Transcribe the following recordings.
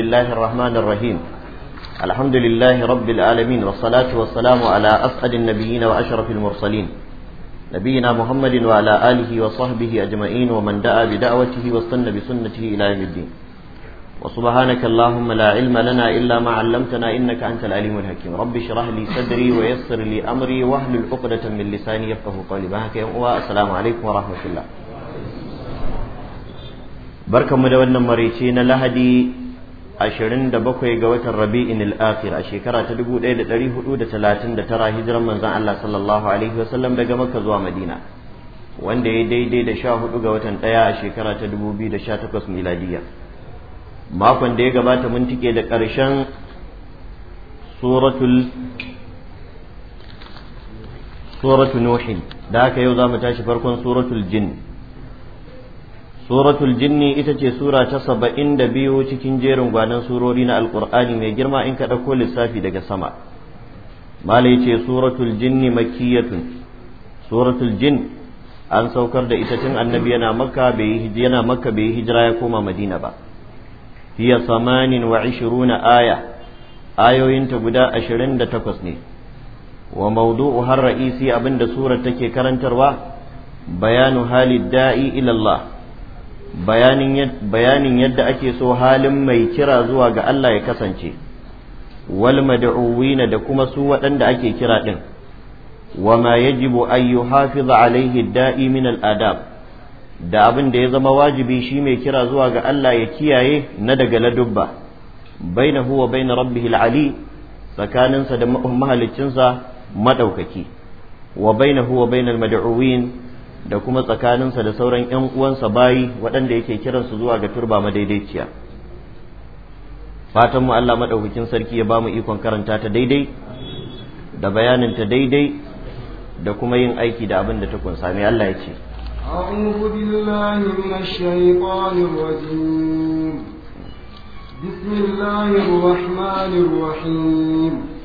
بسم الله الرحمن الرحيم الحمد لله رب العالمين والصلاة والسلام على أسعد النبيين وأشرف المرسلين نبينا محمد وعلى آله وصحبه أجمعين ومن دعا بدعوته واستنى بسنته إلى يوم الدين وسبحانك اللهم لا علم لنا إلا ما علمتنا إنك أنت العليم الحكيم رب اشرح لي صدري ويسر لي أمري واحلل عقدة من لساني يفقه قولي والسلام عليكم ورحمة الله barkanmu da wannan maraice na lahadi ashirin da bakwai ga watan rabi'in al-akhir a shekara ta dubu ɗaya da ɗari hudu da talatin da tara hijiran manzan Allah sallallahu alaihi sallam daga makka zuwa madina wanda ya daidai da sha hudu ga watan ɗaya a shekara ta dubu biyu da sha takwas makon da ya gabata mun tike da ƙarshen suratul suratu nuhin da haka yau za mu tashi farkon suratul jinn suratul jinni ita ce sura ta saba'in da biyu cikin jerin gwanan surori na alkur'ani mai girma in ka ɗauko lissafi daga sama malai ce suratul jinni makiyatun suratul jin an saukar da ita tun annabi yana makka bai yana makka bai hijira ya koma madina ba hiya samanin wa ishiruna aya ayoyinta guda ashirin da takwas ne wa maudu'u har ra'isi abinda surar take karantarwa bayanu halid da'i ilallah bayanin yadda ake so halin mai kira zuwa ga Allah ya kasance wal mad'uwina da kuma su waɗanda ake kira din wa ma yajibu an yuhafiza alaihi da'i min al adab da abin da ya zama wajibi shi mai kira zuwa ga Allah ya kiyaye na daga ladubba bainahu wa bain rabbih al ali tsakaninsa da mahaliccinsa madaukaki wa bainahu wa bain al mad'uwin da kuma tsakaninsa da sauran 'yan uwansa bayi waɗanda yake kiransu zuwa ga turba madaidaiciya fatan mu Allah maɗaukakin sarki ya ba mu ikon karanta ta daidai da bayanin ta daidai da kuma yin aiki da abin da ta kunsa mai Allah ya ce بسم الله الرحمن الرحيم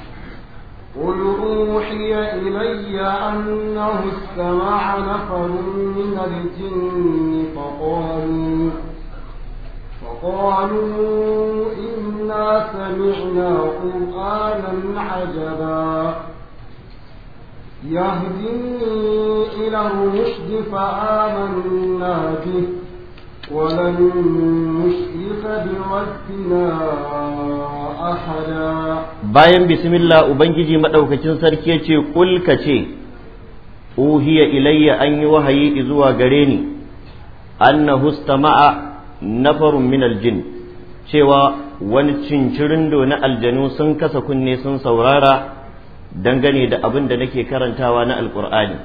قل أوحي إلي أنه استمع نفر من الجن فقالوا فقالوا إنا سمعنا قرآنا عجبا يهدي إلى الرشد فآمنا به ولن نشرك بربنا bayan bismillah ubangiji madaukakin sarki ya ce kul ce uhiya ilayya an yi wahayi zuwa gare ni annahu istama'a nafarun min aljin cewa wani cincirindo na aljanu sun kasa kunne sun saurara dangane da abin da nake karantawa na alkur'ani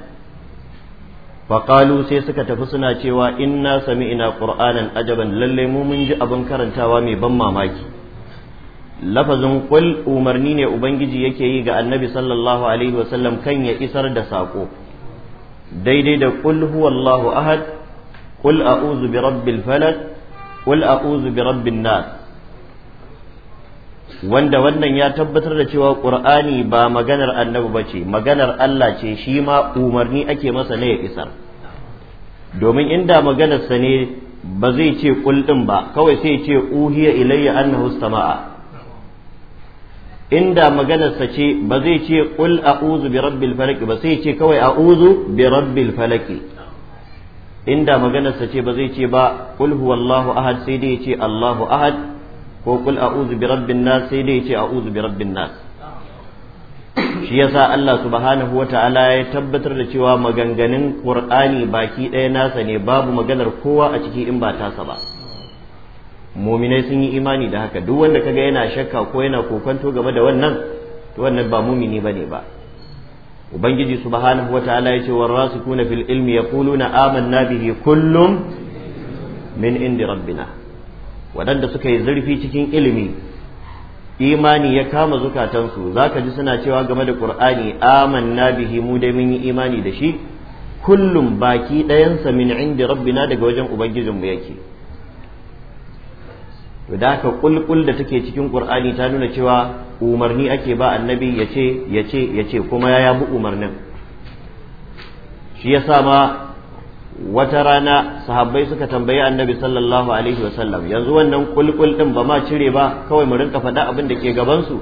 faƙalu sai suka tafi suna cewa inna ina qur'anan ajaban lallai mu mun ji abin karantawa mai ban mamaki lafazin kul umarni ne ubangiji yake yi ga annabi sallallahu alaihi wasallam kan ya isar da sako daidai da kul huwallahu ahad kul a'udhu bi rabbil falaq kul a'udhu bi rabbin nas wanda wannan ya tabbatar da cewa qur'ani ba maganar annabi bace maganar Allah ce shi ma umarni ake masa ne ya isar domin inda maganarsa ne ba zai ce kul din ba kawai sai ce uhiya ilayya annahu sama'a inda maganarsa ce ba zai ce qul a'udhu bi rabbil falaq ba sai ce kawai a'udhu bi rabbil falaq inda maganarsa ce ba zai ce ba qul huwallahu ahad sai dai ce Allahu ahad ko qul a'udhu bi rabbin nas sai dai ce a'udhu bi rabbin nas shi yasa Allah subhanahu ta'ala ya tabbatar da cewa maganganun Qur'ani baki ɗaya nasa ne babu maganar kowa a ciki in ba tasa ba muminai sun yi imani da haka duk wanda kaga yana shakka ko yana kokonto game da wannan to wannan ba mumini bane ba ubangiji subhanahu wataala yace warasikuna fil ilmi yaquluna amanna bihi kullum min indi rabbina waɗanda suka yi zurfi cikin ilimi imani ya kama zukatansu zaka ji suna cewa game da qur'ani amanna bihi mu dai mun yi imani da shi kullum baki ɗayansa min indi rabbina daga wajen ubangijinmu yake to da haka kulkul da take cikin qur'ani ta nuna cewa umarni ake ba annabi ya ce ya ce ya ce kuma ya bi umarnin shi yasa ma wata rana sahabbai suka tambayi annabi sallallahu alaihi wasallam yanzu wannan kulkul din ba ma cire ba kawai mu rinka faɗa abin da ke gabansu.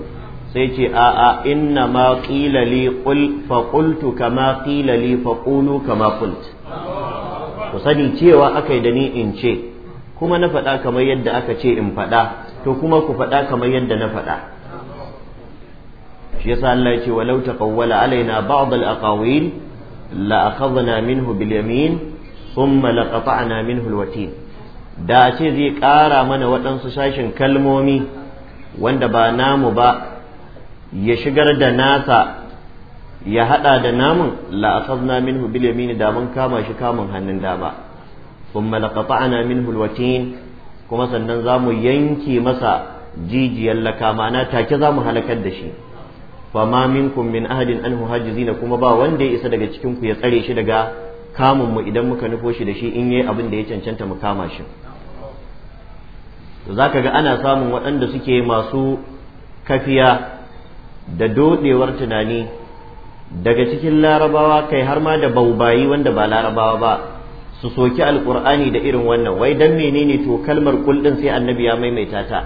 sai ce a a inna ma qila li qul fa qultu kama qila li fa qulu kama qult ku sani cewa akai da ni in ce kuma na faɗa kamar yadda aka ce in faɗa to kuma ku faɗa kamar yadda na faɗa shi yasa Allah ya ce walau taqawwala alaina ba'd al-aqawil la akhadna minhu bil yamin thumma laqata'na minhu al-watin da a ce zai ƙara mana waɗansu sashin kalmomi wanda ba namu ba ya shigar da nasa ya haɗa da namun la akhadna minhu bil yamin da mun kama shi kamun hannun dama thumma laqata'na min alwatin kuma sannan zamu yanke masa jijiyar laka na take zamu halakar da shi fama minkum min ahadin anhu hajizina kuma ba wanda ya isa daga cikinku ku ya tsare shi daga kamun mu idan muka nufo shi da shi in yi abin da ya cancanta mu kama shi zaka ga ana samun waɗanda suke masu kafiya da doɗewar tunani daga cikin larabawa kai har ma da baubayi wanda ba larabawa ba su soki alkur'ani da irin wannan wai dan menene to kalmar kuldin sai annabi ya maimaita ta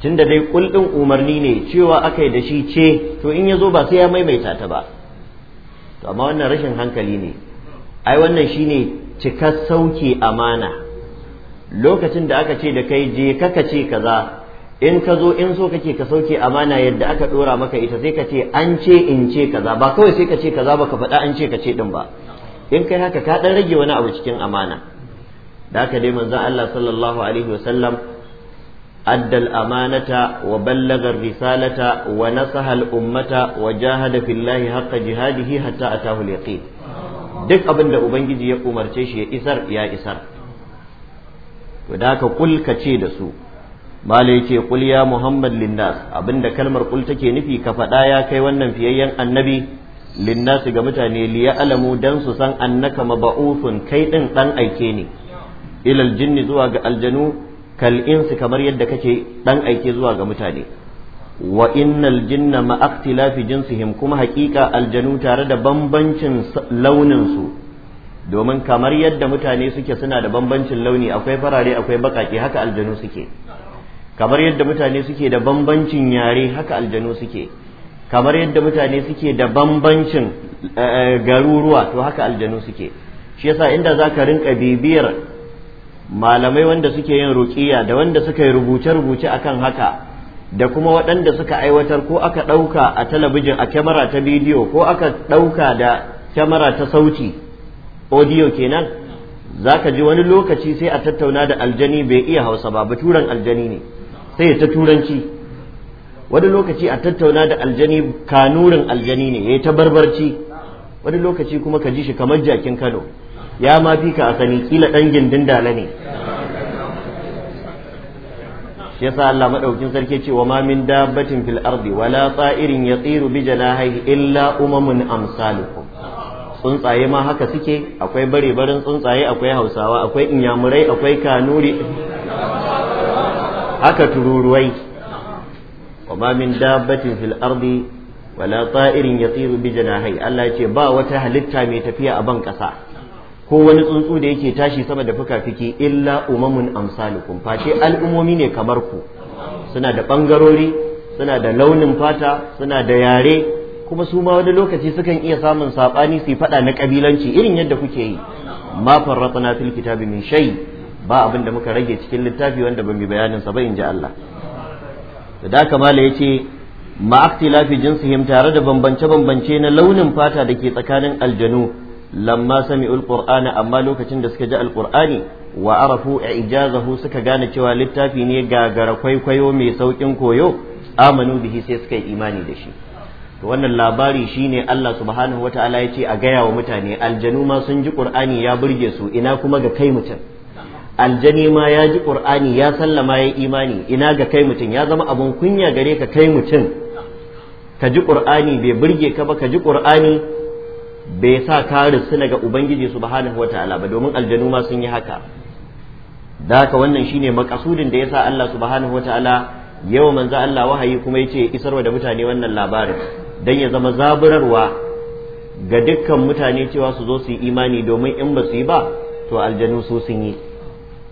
tunda dai kulɗin umarni ne cewa akai da shi ce to in yazo ba sai ya maimaita ta ba to amma wannan rashin hankali ne ai wannan shine cika sauki amana lokacin da aka ce da kai je kaka ce kaza in ka zo in so kake ka sauke amana yadda aka dora maka ita sai ka ce an ce in ce kaza ba kawai sai ka ce kaza ba ka faɗa an ce ka ce din ba in kai haka ka dan rage wani abu cikin amana da haka dai manzon Allah sallallahu alaihi wasallam risalata wa وبلغ الرسالة ummata wa jahada fillahi الله jihadi جهاده a أتاه اليقين duk abin da Ubangiji ya umarce shi ya isar ya isar to da haka kul ka ce da su mala yace kul ya Muhammad linnas abinda kalmar kul take nufi ka faɗa ya kai wannan fiyayyen annabi linnasi ga mutane liya alamu dan su san annaka maba'ufun kai din dan aike ne ilal jinni zuwa ga aljanu kal insi kamar yadda kake dan aike zuwa ga mutane wa innal jinna ma ikhtilafi jinsihim kuma haƙiƙa aljanu tare da bambancin launin su domin kamar yadda mutane suke suna da bambancin launi akwai farare akwai baƙaƙe haka aljanu suke kamar yadda mutane suke da bambancin yare haka aljanu suke kamar yadda mutane suke da bambancin eh, eh, garuruwa to haka aljanu suke shi yasa inda za ka rinka bibiyar malamai wanda suke yin ruƙiya da wanda suka yi rubuce-rubuce akan haka da kuma waɗanda suka aiwatar ko aka ɗauka a talabijin a kyamara ta bidiyo ko aka ɗauka da kyamara ta sauti audio kenan za ka ji wani lokaci sai a tattauna da aljani bai iya hausa ba turan aljani ne sai ta turanci wani lokaci a tattauna da aljani kanurin aljani ne yayi ta barbarci wani lokaci kuma ka ji shi kamar jakin Kano ya ma fi ka asali kila dan gindin dala ne shi yasa Allah madaukin sarki ce ma min dabbatin fil ardi wala ta'irin yatiru bi janahihi illa umamun amsalukum tsuntsaye ma haka suke akwai bare barin tsuntsaye akwai hausawa akwai inyamurai akwai kanuri haka tururuwai Kwamamin dabbatin دابة في irin wala ta'irin yatiru bi janahi Allah ce ba wata halitta mai tafiya a ban kasa ko wani tsuntsu da yake tashi sama da fuka-fiki illa umamun amsalukum face al'umomi ne kamar ku suna da bangarori suna da launin fata suna da yare kuma su ma wani lokaci sukan iya samun sabani su fada na kabilanci irin yadda kuke yi ma farratna fil kitabi min shay ba abin da muka rage cikin littafi wanda ban bi bayanin sa ba in ji Allah da kamala ya ce ma'aktilafi jinsihim tare da bambance-bambance na launin fata da ke tsakanin aljanu lamma sami qur'ana amma lokacin da suka ji alqur'ani wa arafu ijazahu suka gane cewa littafi ne gagara kwaikwayo mai saukin koyo amanu bihi sai suka yi imani da shi to wannan labari shine Allah subhanahu wataala ya ce a gaya wa mutane aljanu ma sun ji qur'ani ya burge su ina kuma ga kai mutum aljani ma ya ji qur'ani ya sallama ya imani ina ga kai mutum ya zama abun kunya gare ka kai mutum ka ji qur'ani bai burge ka ba ka ji qur'ani bai sa ka rusuna ga ubangiji subhanahu wataala ba domin aljanu ma sun yi haka da haka wannan shine makasudin da ya sa Allah subhanahu wataala yau manzo Allah wahayi kuma ya yace isarwa da mutane wannan labarin dan ya zama zaburarwa ga dukkan mutane cewa su zo su yi imani domin in ba su yi ba to aljanu su sun yi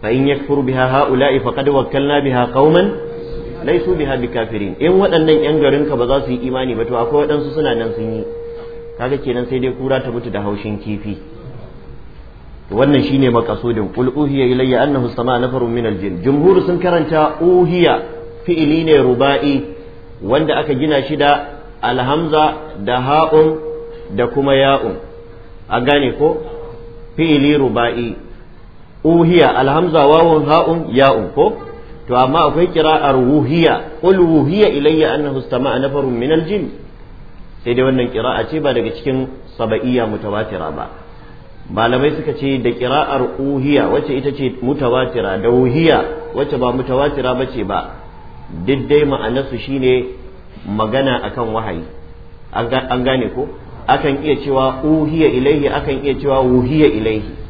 fa in yakfur biha haula'i faqad wakkalna biha qauman laisu biha bikafirin in waɗannan yan garin ka ba za su yi imani ba to akwai waɗansu suna nan sun yi kaga kenan sai dai kura ta mutu da haushin kifi wannan shine makasudin qul uhiya ilayya annahu sama'a nafarun min aljin jumhur sun karanta uhiya fi'ili ne ruba'i wanda aka gina shi da alhamza da ha'un da kuma ya'un a gane ko fi'ili ruba'i uhiya alhamza wawun ha'un ya'un ko to amma akwai kira'ar wuhiya qul wuhiya ilayya annahu istama'a nafarun min aljin sai dai wannan kira'a ce ba daga cikin saba'iyya mutawatira ba malamai suka ce da kira'ar uhiya wacce ita ce mutawatira da wuhiya wacce ba mutawatira ce ba duk dai ma'anarsu shine magana akan wahayi an gane ko akan iya cewa uhiya ilaihi akan iya cewa wuhiya ilaihi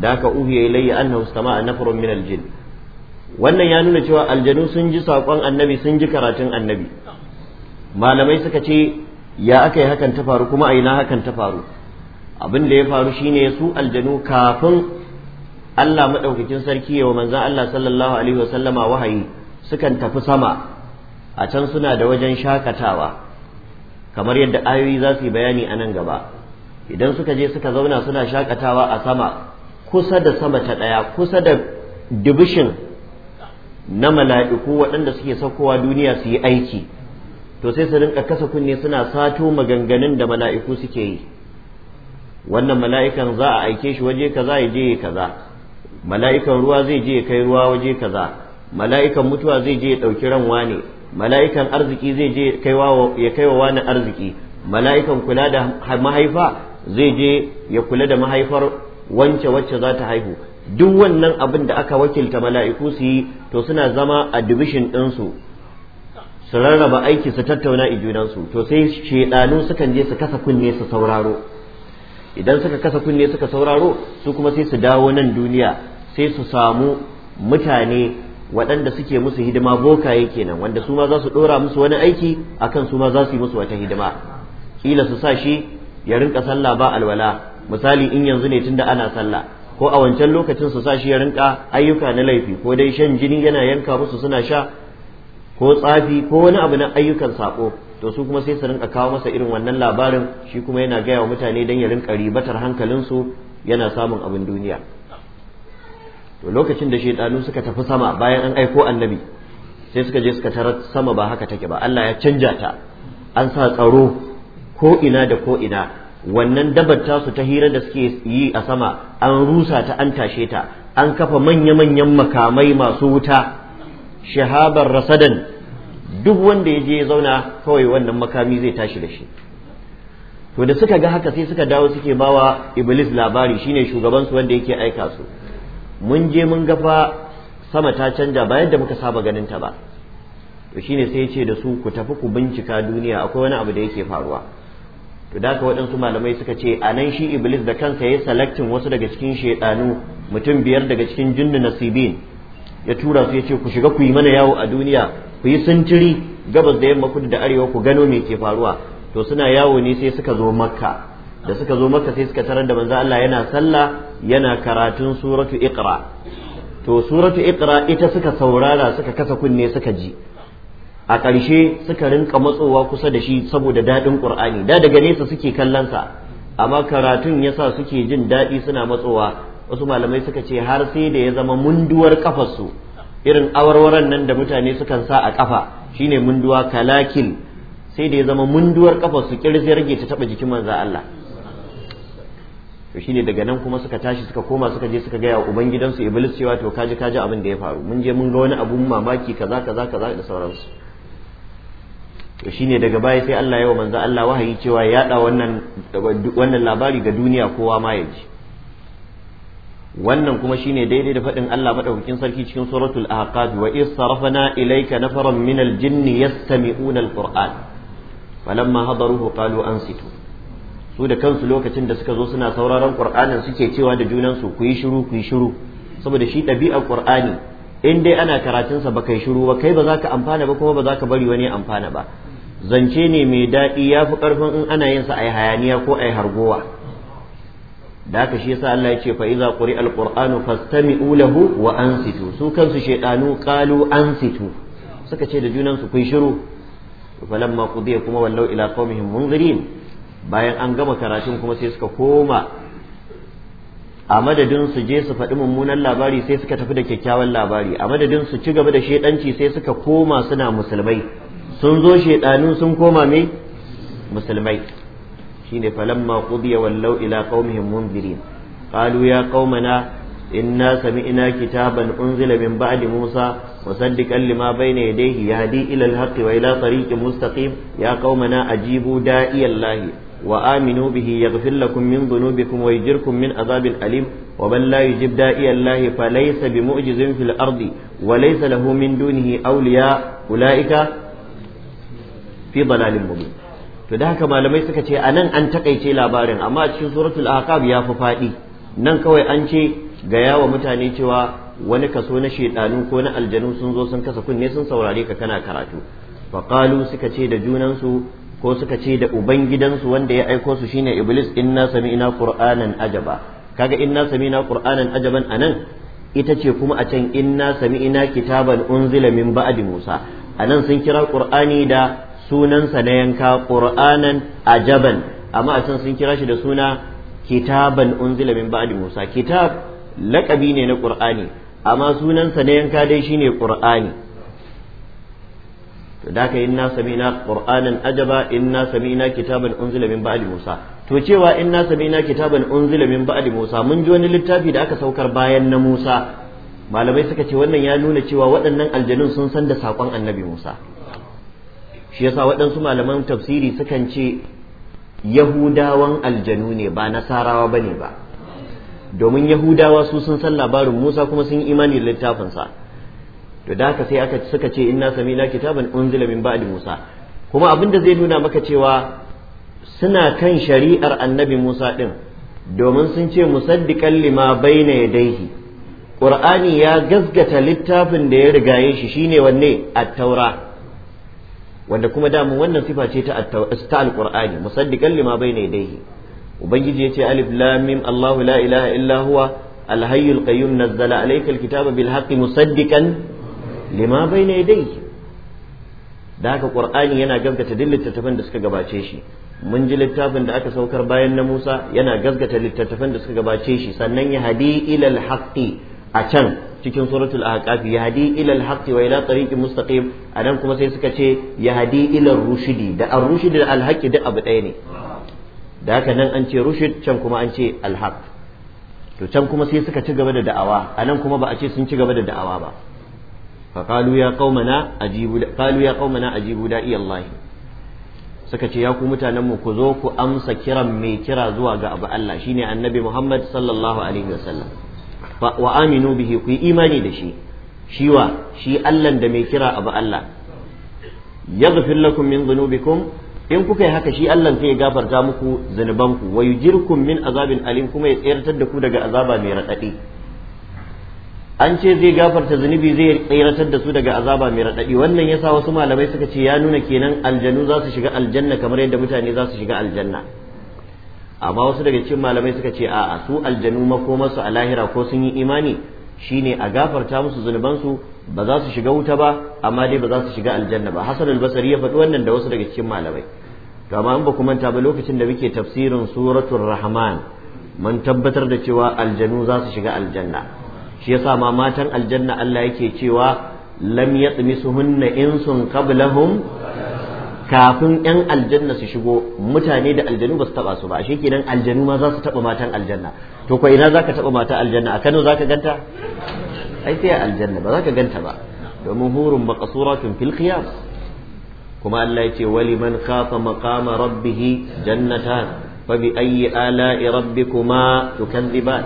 da ka uhiya ilayya annahu sama'a nafrun min aljin wannan ya nuna cewa aljanu sun ji saƙon annabi sun ji karatun annabi malamai suka ce ya aka yi hakan ta faru kuma a ina hakan ta faru abin da ya faru shine su aljanu kafin Allah maɗaukakin sarki yawa manzan Allah sallallahu alaihi wasallama wahayi sukan tafi sama a can suna da wajen shakatawa kamar yadda ayoyi za su yi bayani a nan gaba idan suka je suka zauna suna shakatawa a sama kusa da sama ta ɗaya kusa da dibishin na mala'iku waɗanda suke saukowa duniya su yi aiki to sai su rinka kasa kunne suna sato maganganun da mala'iku suke yi wannan mala'ikan za a aike shi waje kaza ya je ya kaza mala'ikan ruwa zai je ya kai ruwa waje kaza mala'ikan mutuwa zai je ya ɗauki ran wane mala'ikan arziki zai je ya kai wa wani arziki mala'ikan kula da mahaifa zai je ya kula da mahaifar wance wacce za ta haihu duk wannan abin da aka wakilta mala'iku su yi to suna zama a division ɗinsu su rarraba aiki su tattauna i junansu to sai shedanu sukan je su kasa kunne su sauraro idan suka kasa kunne suka sauraro su kuma sai su dawo nan duniya sai su samu mutane waɗanda suke musu hidima bokaye kenan wanda su ma za su ɗora musu wani aiki akan su ma za su yi musu wata hidima kila su sa shi ya rinka sallah ba alwala misali in yanzu ne tunda ana sallah ko a wancan lokacin su sa shi ya rinka ayyuka na laifi ko dai shan jini yana yanka musu suna sha ko tsafi ko wani abu na ayyukan sako to su kuma sai su rinka kawo masa irin wannan labarin shi kuma yana gaya wa mutane don ya rinka ribatar hankalinsu yana samun abin duniya to lokacin da shaidanu suka tafi sama bayan an aiko annabi sai suka je suka tarar sama ba haka take ba Allah ya canja ta an sa tsaro ko ina da ko ina wannan dabar tasu ta hira da suke yi a sama an rusa ta an tashe ta an kafa manya-manyan makamai masu wuta shahabar rasadan duk wanda ya je ya zauna kawai wannan makami zai tashi da shi to da suka ga haka sai suka dawo suke bawa iblis labari shine shugabansu wanda yake aika su mun je mun ga sama ta canja bayan da muka saba ganin ta ba to shine sai ya ce da su ku tafi ku bincika duniya akwai wani abu da yake faruwa to da haka waɗansu malamai suka ce a nan shi iblis da kansa ya salaktin wasu daga cikin shaidanu mutum biyar daga cikin jinnu nasibin ya tura su ya ce ku shiga ku yi mana yawo a duniya ku yi sintiri gabas da yamma kudu da arewa ku gano me ke faruwa to suna yawo ne sai suka zo makka da suka zo makka sai suka tarar da manzo Allah yana sallah yana karatun suratu iqra to suratu iqra ita suka saurara suka kasa kunne suka ji a ƙarshe suka rinka matsowa kusa da shi saboda daɗin ƙur'ani da daga nesa suke kallonsa amma karatun ya sa suke jin daɗi suna matsowa wasu malamai suka ce har sai da ya zama munduwar ƙafarsu irin awarwaran nan da mutane sukan sa a kafa shine munduwa kalakil sai da ya zama munduwar ƙafarsu kirzi ya rage ta taɓa jikin manzo Allah to shine daga nan kuma suka tashi suka koma suka je suka gaya wa ubangidansu iblis cewa to kaji kaji abin da ya faru mun je mun ga wani abun mamaki kaza kaza kaza da sauransu to shine daga baya sai Allah yawa manzo Allah wahayi cewa ya da wannan wannan labari ga duniya kowa ma ya ji wannan kuma shine daidai da faɗin Allah madaukakin sarki cikin suratul ahqab wa is sarafna ilayka nafaran min al-jinni yastami'una al-qur'an falamma hadaruhu qalu ansitu su da kansu lokacin da suka zo suna sauraron qur'anin suke cewa da junansu ku yi shiru ku yi shiru saboda shi ɗabi'ar qur'ani in dai ana karatunsa ba kai shiru ba kai ba za ka amfana ba kuma ba za ka bari wani amfana ba zance ne mai daɗi ya fi ƙarfin in ana yin sa a yi hayaniya ko a yi hargowa da haka shi yasa Allah ya ce fa iza quri alqur'anu fastami'u lahu wa ansitu su kansu shaydanu qalu ansitu suka ce da junan su kai shiru falamma qudiya kuma wallau ila qaumihim munzirin bayan an gama karatun kuma sai suka koma a madadin su je su faɗi mummunan labari sai suka tafi da kyakkyawan labari a madadin su ci gaba da shaidanci sai suka koma suna musulmai sun zo shedanu sun koma me musulmai shine falamma qudiya wallau ila qaumihim munzirin qalu ya qaumana inna sami'na kitaban unzila min ba'di musa مصدقا لما بين يديه يهدي إلى الحق وإلى طريق مستقيم يا قومنا أجيبوا داعي الله وآمنوا به يغفر لكم من ذنوبكم ويجركم من عذاب أليم ومن لا يجب داعي الله فليس بمعجز في الأرض وليس له من دونه أولياء أولئك في ضلال مبين to da haka malamai suka ce a nan an takaice labarin amma a cikin suratul ahqab ya fi faɗi nan kawai an ce gaya wa mutane cewa wani kaso na shaidanu ko na aljanu sun zo sun kasa kunne sun saurare ka kana karatu faqalu suka ce da junansu ko suka ce da ubangidansu wanda ya aiko su shine iblis inna sami'na qur'anan ajaba kaga inna sami'na qur'anan ajaban anan ita ce kuma a can inna sami'na kitaban unzila min ba'di musa anan sun kira qur'ani da sunansa na yanka qur'anan ajaban amma a can sun kira shi da suna kitaban unzila min ba'di musa kitab laƙabi ne na ƙur'ani amma sunansa na yanka dai shine ƙur'ani to da ka inna samina ƙur'anin ajaba inna samina kitaban unzila min ba'di musa to cewa inna samina kitaban unzila min ba'di musa mun ji wani littafi da aka saukar bayan na musa malamai suka ce wannan ya nuna cewa waɗannan aljanun sun san da saƙon annabi musa shi yasa waɗansu malaman tafsiri sukan ce yahudawan aljanu ne ba nasarawa bane ba domin yahudawa su sun san labarin musa kuma sun yi imani da littafinsa to da haka sai aka suka ce inna samina kitaban unzila min ba'di musa kuma abin da zai nuna maka cewa suna kan shari'ar annabi musa din domin sun ce musaddiqan lima baina yadayhi qur'ani ya gaskata littafin da ya rigaye shi shine wanne at-taura wanda kuma da damun wannan sifa ce ta ta qurani musaddiqan lima baina yadayhi ubangiji ce alif lamim Allahu la ilaha illa huwa الحي القيوم kitaba عليك الكتاب بالحق مصدقا لما بين يديه da haka qur'ani yana gaskata duk littattafan da suka gabace shi mun ji littafin da aka saukar bayan na Musa yana gaskata littattafan da suka gabace shi sannan ya hadi ila a can cikin suratul ahqaf ya hadi ila waila haqqi wa ila tariqin mustaqim kuma sai suka ce ya hadi ila rushidi da ar rushidi da al duk abu ɗaya ne da haka nan an ce rushid can kuma an ce alhaq to can kuma sai suka ci gaba da da'awa a nan kuma ba a ce sun ci gaba da da'awa ba fa qalu ya qaumana ajibu qalu ya qaumana ajibu da'i Allah suka ce ya ku mutanen mu ku zo ku amsa kiran mai kira zuwa ga abu Allah shine annabi Muhammad sallallahu alaihi wasallam wa aminu bihi ku yi imani da shi shiwa shi Allah da mai kira abu Allah yaghfir lakum min dhunubikum in kuka yi haka shi Allah sai ya gafarta muku zunubanku wa yujirkum min azabin alim kuma ya tsiratar da ku daga azaba mai raɗaɗi an ce zai gafarta zunubi zai tsiratar da su daga azaba mai raɗaɗi wannan yasa wasu malamai suka ce ya nuna kenan aljanu za su shiga aljanna kamar yadda mutane za su shiga aljanna amma wasu daga cikin malamai suka ce a'a su aljanu makomarsu a lahira ko sun yi imani shine a gafarta musu zunubansu ba za su shiga wuta ba amma dai ba za su shiga aljanna ba hasan albasari ya faɗi wannan da wasu daga cikin malamai to amma in ba ku manta ba lokacin da muke tafsirin suratul rahman mun tabbatar da cewa aljanu za su shiga aljanna shi yasa ma matan aljanna Allah yake cewa lam yatmisuhunna insun qablahum kafin yan aljanna su shigo mutane da aljanu ba su taba su ba ashe kenan aljanu ma za su taba matan aljanna to ko ina ka taba mata aljanna a Kano ka ganta ai sai aljanna ba ka ganta ba domin hurun maqsuratun fil qiyas kuma Allah yace wali man khafa maqama rabbih jannatan fa bi ayyi ala'i rabbikuma tukazziban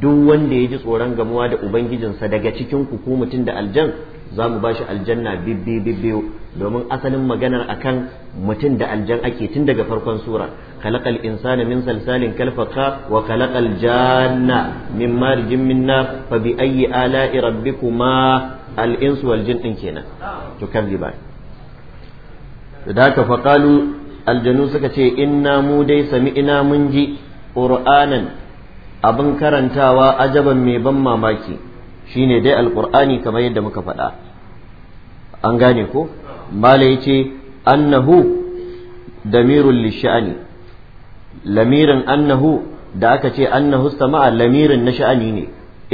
duk wanda ya ji tsoron gamuwa da ubangijinsa daga cikin ku ko da aljan za mu bashi aljanna bibbi bibbiyu domin asalin maganar akan mutum da aljan ake tun daga farkon sura khalaqal insana min salsalin kal wa khalaqal janna min marjin min nar fa bi ayyi ala'i rabbikuma al insu wal jin din kenan to kaziba da haka fa qalu aljanu suka ce inna mu dai ina mun ji qur'anan abin karantawa ajaban mai ban mamaki shine dai alqur'ani kamar yadda muka faɗa an gane ko mala ce annahu mirin lishani lamirin annahu da aka ce annahu sama'a lamirin na sha'ani ne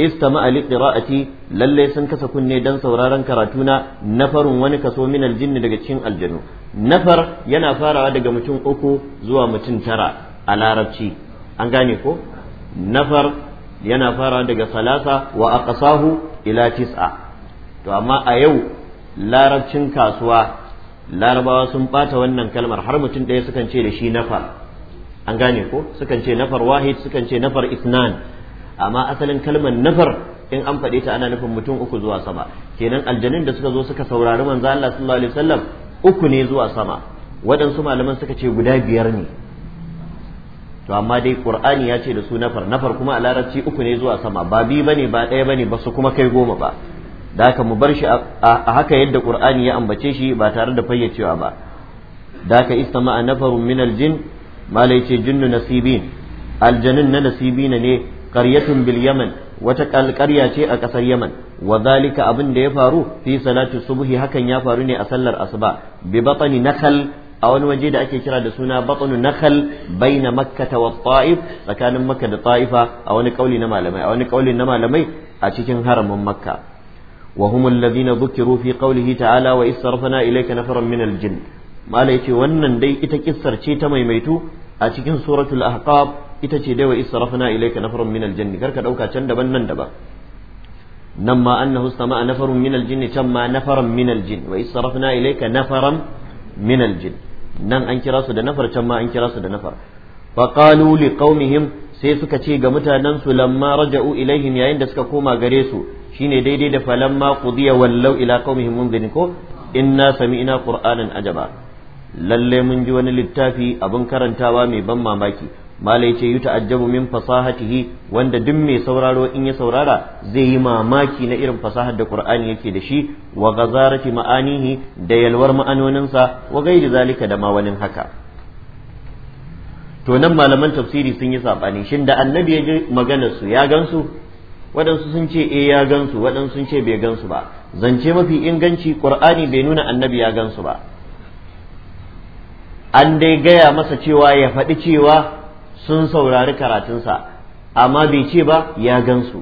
istama'a liqira'ati lallai sun kasa kunne dan sauraron karatuna nafarun wani kaso min aljinn daga cikin aljanu nafar yana farawa daga mutum uku zuwa mutum tara a larabci an gane ko nafar yana farawa daga salasa wa aqsahu ila tis'a to amma a yau larabcin kasuwa larabawa sun bata wannan kalmar har mutum ɗaya sukan ce da shi nafar an gane ko sukan ce nafar wahid sukan ce nafar isnan amma asalin kalmar nafar in an faɗe ta ana nufin mutum uku zuwa sama kenan aljanin da suka zo suka saurari manzo Allah sallallahu alaihi wasallam uku ne zuwa sama waɗansu malaman suka ce guda biyar ne to amma dai qur'ani ya ce da su nafar nafar kuma a larabci uku ne zuwa sama ba bi bane ba ɗaya bane ba su kuma kai goma ba da haka mu bar shi a haka yadda qur'ani ya ambace shi ba tare da fayyacewa ba da haka istama'a nafarun min aljin malai ce jinnu nasibin aljanun na nasibina ne qaryatun bil yaman wata ƙarya ce a kasar yaman wa zalika abin da ya faru fi salatu subhi hakan ya faru ne a sallar asuba bi batani nakal a wani waje da ake kira da suna batnu nakhal baina makkata wa ta'if tsakanin makka da ta'ifa a wani kauli na malamai a wani kauli na malamai a cikin haramin makka wa humul ladina dhukiru fi qawlihi ta'ala wa istarfana ilayka nafaran min al-jinn mala yace wannan dai ita kissar ce ta maimaitu a cikin suratul ahqab ita ce dai wa istarfana ilayka nafaran min al-jinn karka dauka can daban nan daban nan ma annahu sama'a nafarun min al-jinn can ma nafaran min al-jinn wa istarfana ilayka nafaran min al nan an kira su da nafar can ma an kira su da nafar faqalu liqaumihim sai suka ce ga mutanen su lamma raja'u ilaihim yayin da suka koma gare su shine daidai da falamma qudiya wallau ila qaumihim munzirin ko inna sami'na qur'anan ajaba lalle mun ji wani littafi abin karantawa mai ban mamaki malai ce yuta ajabu min fasahatihi wanda duk mai sauraro in ya saurara zai yi mamaki na irin fasahar da qur'ani yake da shi wa gazarati ma'anihi da yalwar ma'anoninsa wa gairi zalika da ma wani haka to nan malaman tafsiri sun yi sabani shin da annabi ya ji maganar su ya gansu waɗansu sun ce eh ya gansu waɗansu sun ce bai gansu ba zance mafi inganci qur'ani bai nuna annabi ya gansu ba an dai gaya masa cewa ya faɗi cewa sun saurari karatunsa amma bai ce ba ya gansu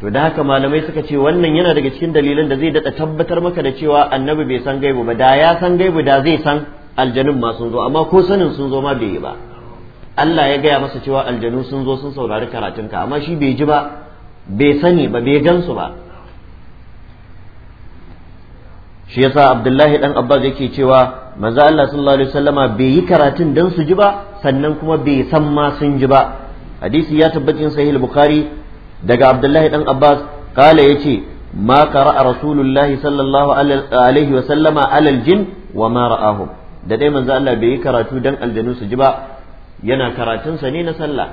to da haka malamai suka ce wannan yana daga cikin dalilan da zai daɗa tabbatar maka da cewa annabi bai san gaibu ba da ya san gaibu da zai san aljanun ma sun zo amma ko sanin sun zo ma bai yi ba Allah ya gaya masa cewa aljanu sun zo sun saurari karatunka amma shi bai ji ba bai sani ba bai gansu ba shi yasa abdullahi dan abbas yake cewa manzo Allah sallallahu alaihi wasallama bai yi karatun dan su ji ba sannan kuma bai san ma sun ji ba hadisi ya tabbacin sahih bukhari daga abdullahi dan abbas kala yace ma qara'a rasulullahi sallallahu alaihi wa sallama alal jin wa ma ra'ahum da dai manzo Allah bai yi karatu dan aljanu su ji ba yana karatun sa ne na sallah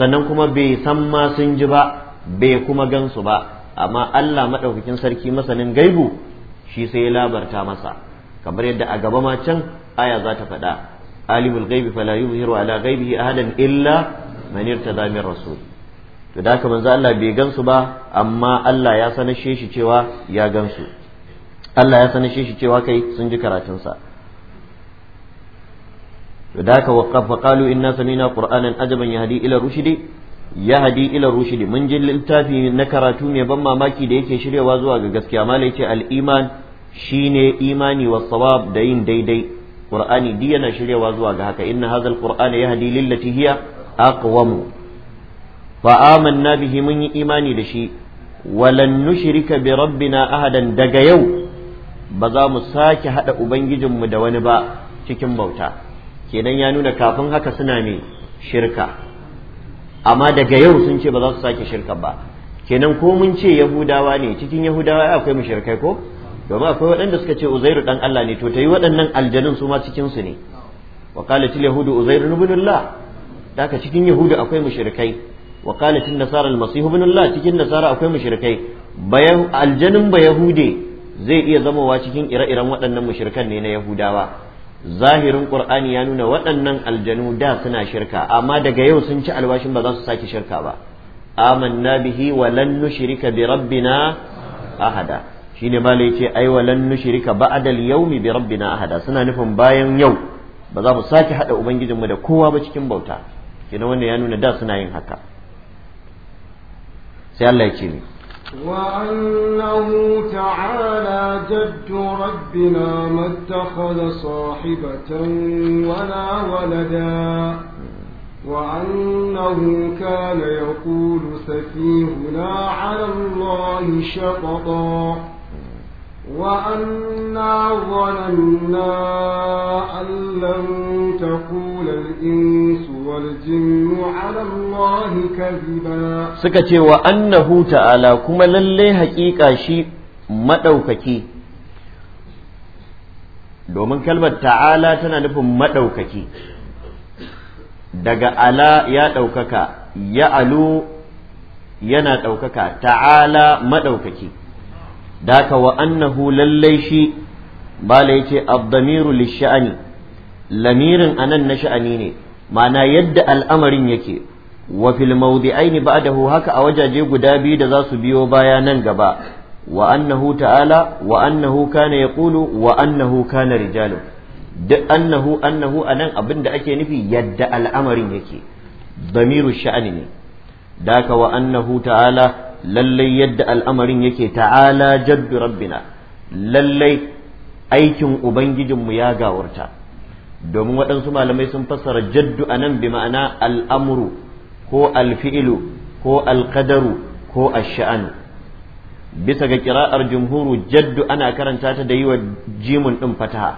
sannan kuma bai san ma sun ji ba bai kuma gansu ba amma Allah madaukakin sarki masanin gaibu shi sai ya labarta masa kamar yadda a gaba ma can aya za ta faɗa alimul ghaibi fala yuzhiru ala ghaibihi ahadan illa man irtada min rasul to da haka manzo Allah bai gansu ba amma Allah ya sanashe shi cewa ya gansu Allah ya sanashe shi cewa kai sun ji karatunsa to da haka waqaf qalu inna samina qur'anan ajaban yahdi ila rushdi yahdi ila rushdi mun ji littafi na karatu mai ban mamaki da yake shiryawa zuwa ga gaskiya malai ce al-iman shine imani wa sawab da yin daidai qur'ani duk yana shiryawa zuwa ga haka inna hadzal qur'ana yahdi lillati hiya aqwam fa amanna bihi mun yi imani da shi walan nushrika bi rabbina ahadan daga yau ba za mu sake hada ubangijinmu da wani ba cikin bauta kenan ya nuna kafin haka suna ne shirka amma daga yau sun ce ba za su sake shirka ba kenan ko mun ce yahudawa ne cikin yahudawa akwai mushrikai ko domin akwai waɗanda suka ce uzairu dan Allah ne to ta yi waɗannan aljanun su ma cikin ne wa qalatil yahudu uzairu ibn Da daga cikin yahudu akwai mushrikai wa qalatil nasara al-masih cikin nasara akwai mushrikai bayan aljanun ba yahude zai iya zamowa cikin ire-iren waɗannan mushrikan ne na yahudawa zahirin qur'ani ya nuna waɗannan aljanu da suna shirka amma daga yau sun ci alwashin ba za su sake shirka ba amanna bihi wa lan nushrika bi rabbina ahada shine mala yace ai walan nushrika ba'da al-yawmi bi rabbina ahada suna nufin bayan yau ba za mu sake hada ubangijinmu da kowa ba cikin bauta kina wanda ya nuna da suna yin haka sai Allah ya ce ni وأنه تعالى جد ربنا ما اتخذ صاحبة ولا ولدا وأنه كان يقول سفيهنا على الله شططا وأنا ظننا أن لن تقول الإنس والجن على الله كذبا سكتي وأنه تعالى كما للي حقيقة شيء ما مدوككي domin kalmar ta'ala tana nufin maɗaukaki daga ala ya ɗaukaka ya alu yana ɗaukaka ta'ala maɗaukaki daka wa annahu lallai shi bala yace ad Lishani. lish lamirin anan na sha'ani ne ma'ana yadda al'amarin yake wa fil mawdi'aini ba'dahu haka a wajaje guda biyu da za su biyo baya nan gaba wa annahu ta'ala wa annahu kana yaqulu wa annahu kana Rijalu. duk annahu annahu anan abin da ake nufi yadda al'amarin yake damiru sha'ani ne daka wa annahu ta'ala lallai yadda al'amarin yake ta'ala jaddu rabbina lallai aikin ubangijinmu ya gawarta domin waɗansu malamai sun fassara jaddu a nan bi ma'ana al'amuru ko alfi'ilu ko alƙadaru ko sha'anu bisa ga ƙira'ar jumhuru jaddu ana karanta ta da yi wa jimun ɗin fataha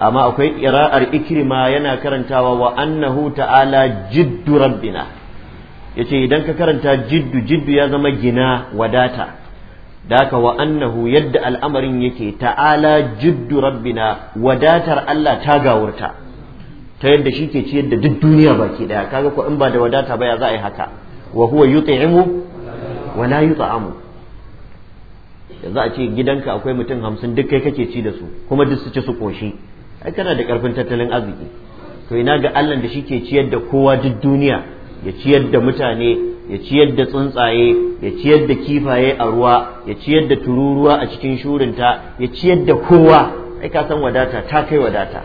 amma akwai ƙira'ar ikirima yana karantawa wa annahu ta'ala jiddu rabbina ya ce idan ka karanta jiddu jiddu ya zama gina wadata daka wa annahu yadda al'amarin yake ta'ala jiddu rabbina wadatar Allah ta gawurta ta yadda shi ke ciyar da duk duniya baki daya kaga ko in ba da wadata ba ya za a yi haka wa huwa yut'imu wa la yut'amu yanzu a ce gidanka akwai mutum hamsin duk kai kake ci da su kuma duk su ci su koshi ai kana da karfin tattalin arziki to ina ga Allah da shi ke ciyar da kowa duk duniya ya ciyar da mutane ya ciyar da tsuntsaye ya ciyar da kifaye a ruwa ya ciyar da tururuwa a cikin shurinta ya ciyar da kowa ai ka san wadata ta kai wadata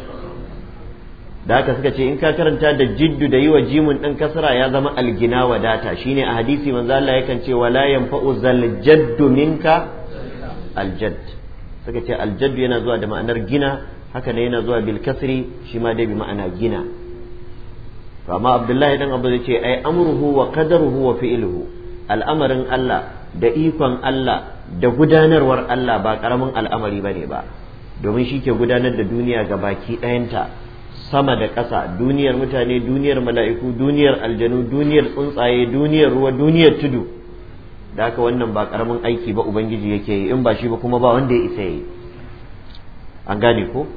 da haka suka ce in ka karanta da jiddu da yi wa jimin ɗan kasara ya zama algina wadata shine a hadisi manzo Allah yakan ce wala yanfa'u zal jaddu minka aljadd suka ce aljaddu yana zuwa da ma'anar gina haka ne yana zuwa bil kasri shi ma dai bi ma'ana gina to amma abdullahi dan abu zai ce ai amruhu wa qadaruhu wa fi'luhu al'amarin Allah da ikon Allah da gudanarwar Allah ba karamin al'amari bane ba domin shi ke gudanar da duniya ga baki ɗayanta sama da ƙasa duniyar mutane duniyar mala'iku duniyar aljanu duniyar tsuntsaye duniyar ruwa duniyar tudu da haka wannan ba karamin aiki ba ubangiji yake yi in ba shi ba kuma ba wanda ya isa yi an gane ko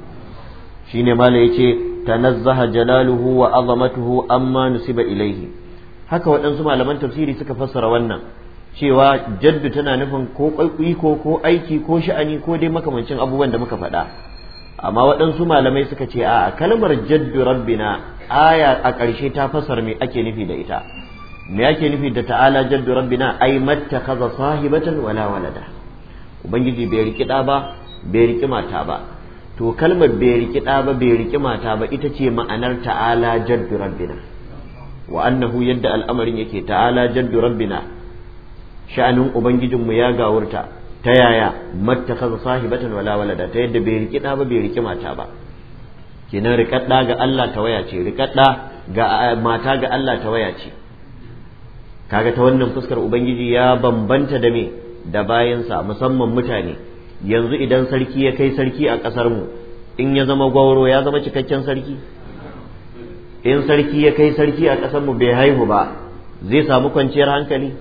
shine mala yace tanazzaha jalaluhu wa azamatuhu amma nusiba ilaihi haka waɗansu malaman tafsiri suka fassara wannan cewa jaddu tana nufin ko iko ko aiki ko sha'ani ko dai makamancin abubuwan da muka faɗa amma waɗansu malamai suka ce a kalmar jaddu rabbina aya a ƙarshe ta fasar me ake nufi da ita me ake nufi da ta'ala jaddu rabbina ai mattakhadha sahibatan wala walada ubangiji bai riki ɗa ba bai riki mata ba to kalmar bai riki ɗa ba bai riki mata ba ita ce ma'anar ta'ala jaddu rabbina wa annahu yadda al'amarin yake ta'ala jaddu rabbina sha'anin ubangijinmu ya gawurta ta yaya mattakaza sahibatan wala walada ta yadda bai riki ɗa ba bai riki mata ba kenan riƙaɗɗa ga Allah ta waya ce riƙaɗɗa ga mata ga Allah ta waya ce kaga ta wannan fuskar ubangiji ya bambanta da me da bayansa musamman mutane yanzu idan sarki ya kai sarki a ƙasarmu, in ya zama gwauro ya zama cikakken sarki in sarki ya kai sarki a ƙasar mu bai haihu ba zai samu kwanciyar hankali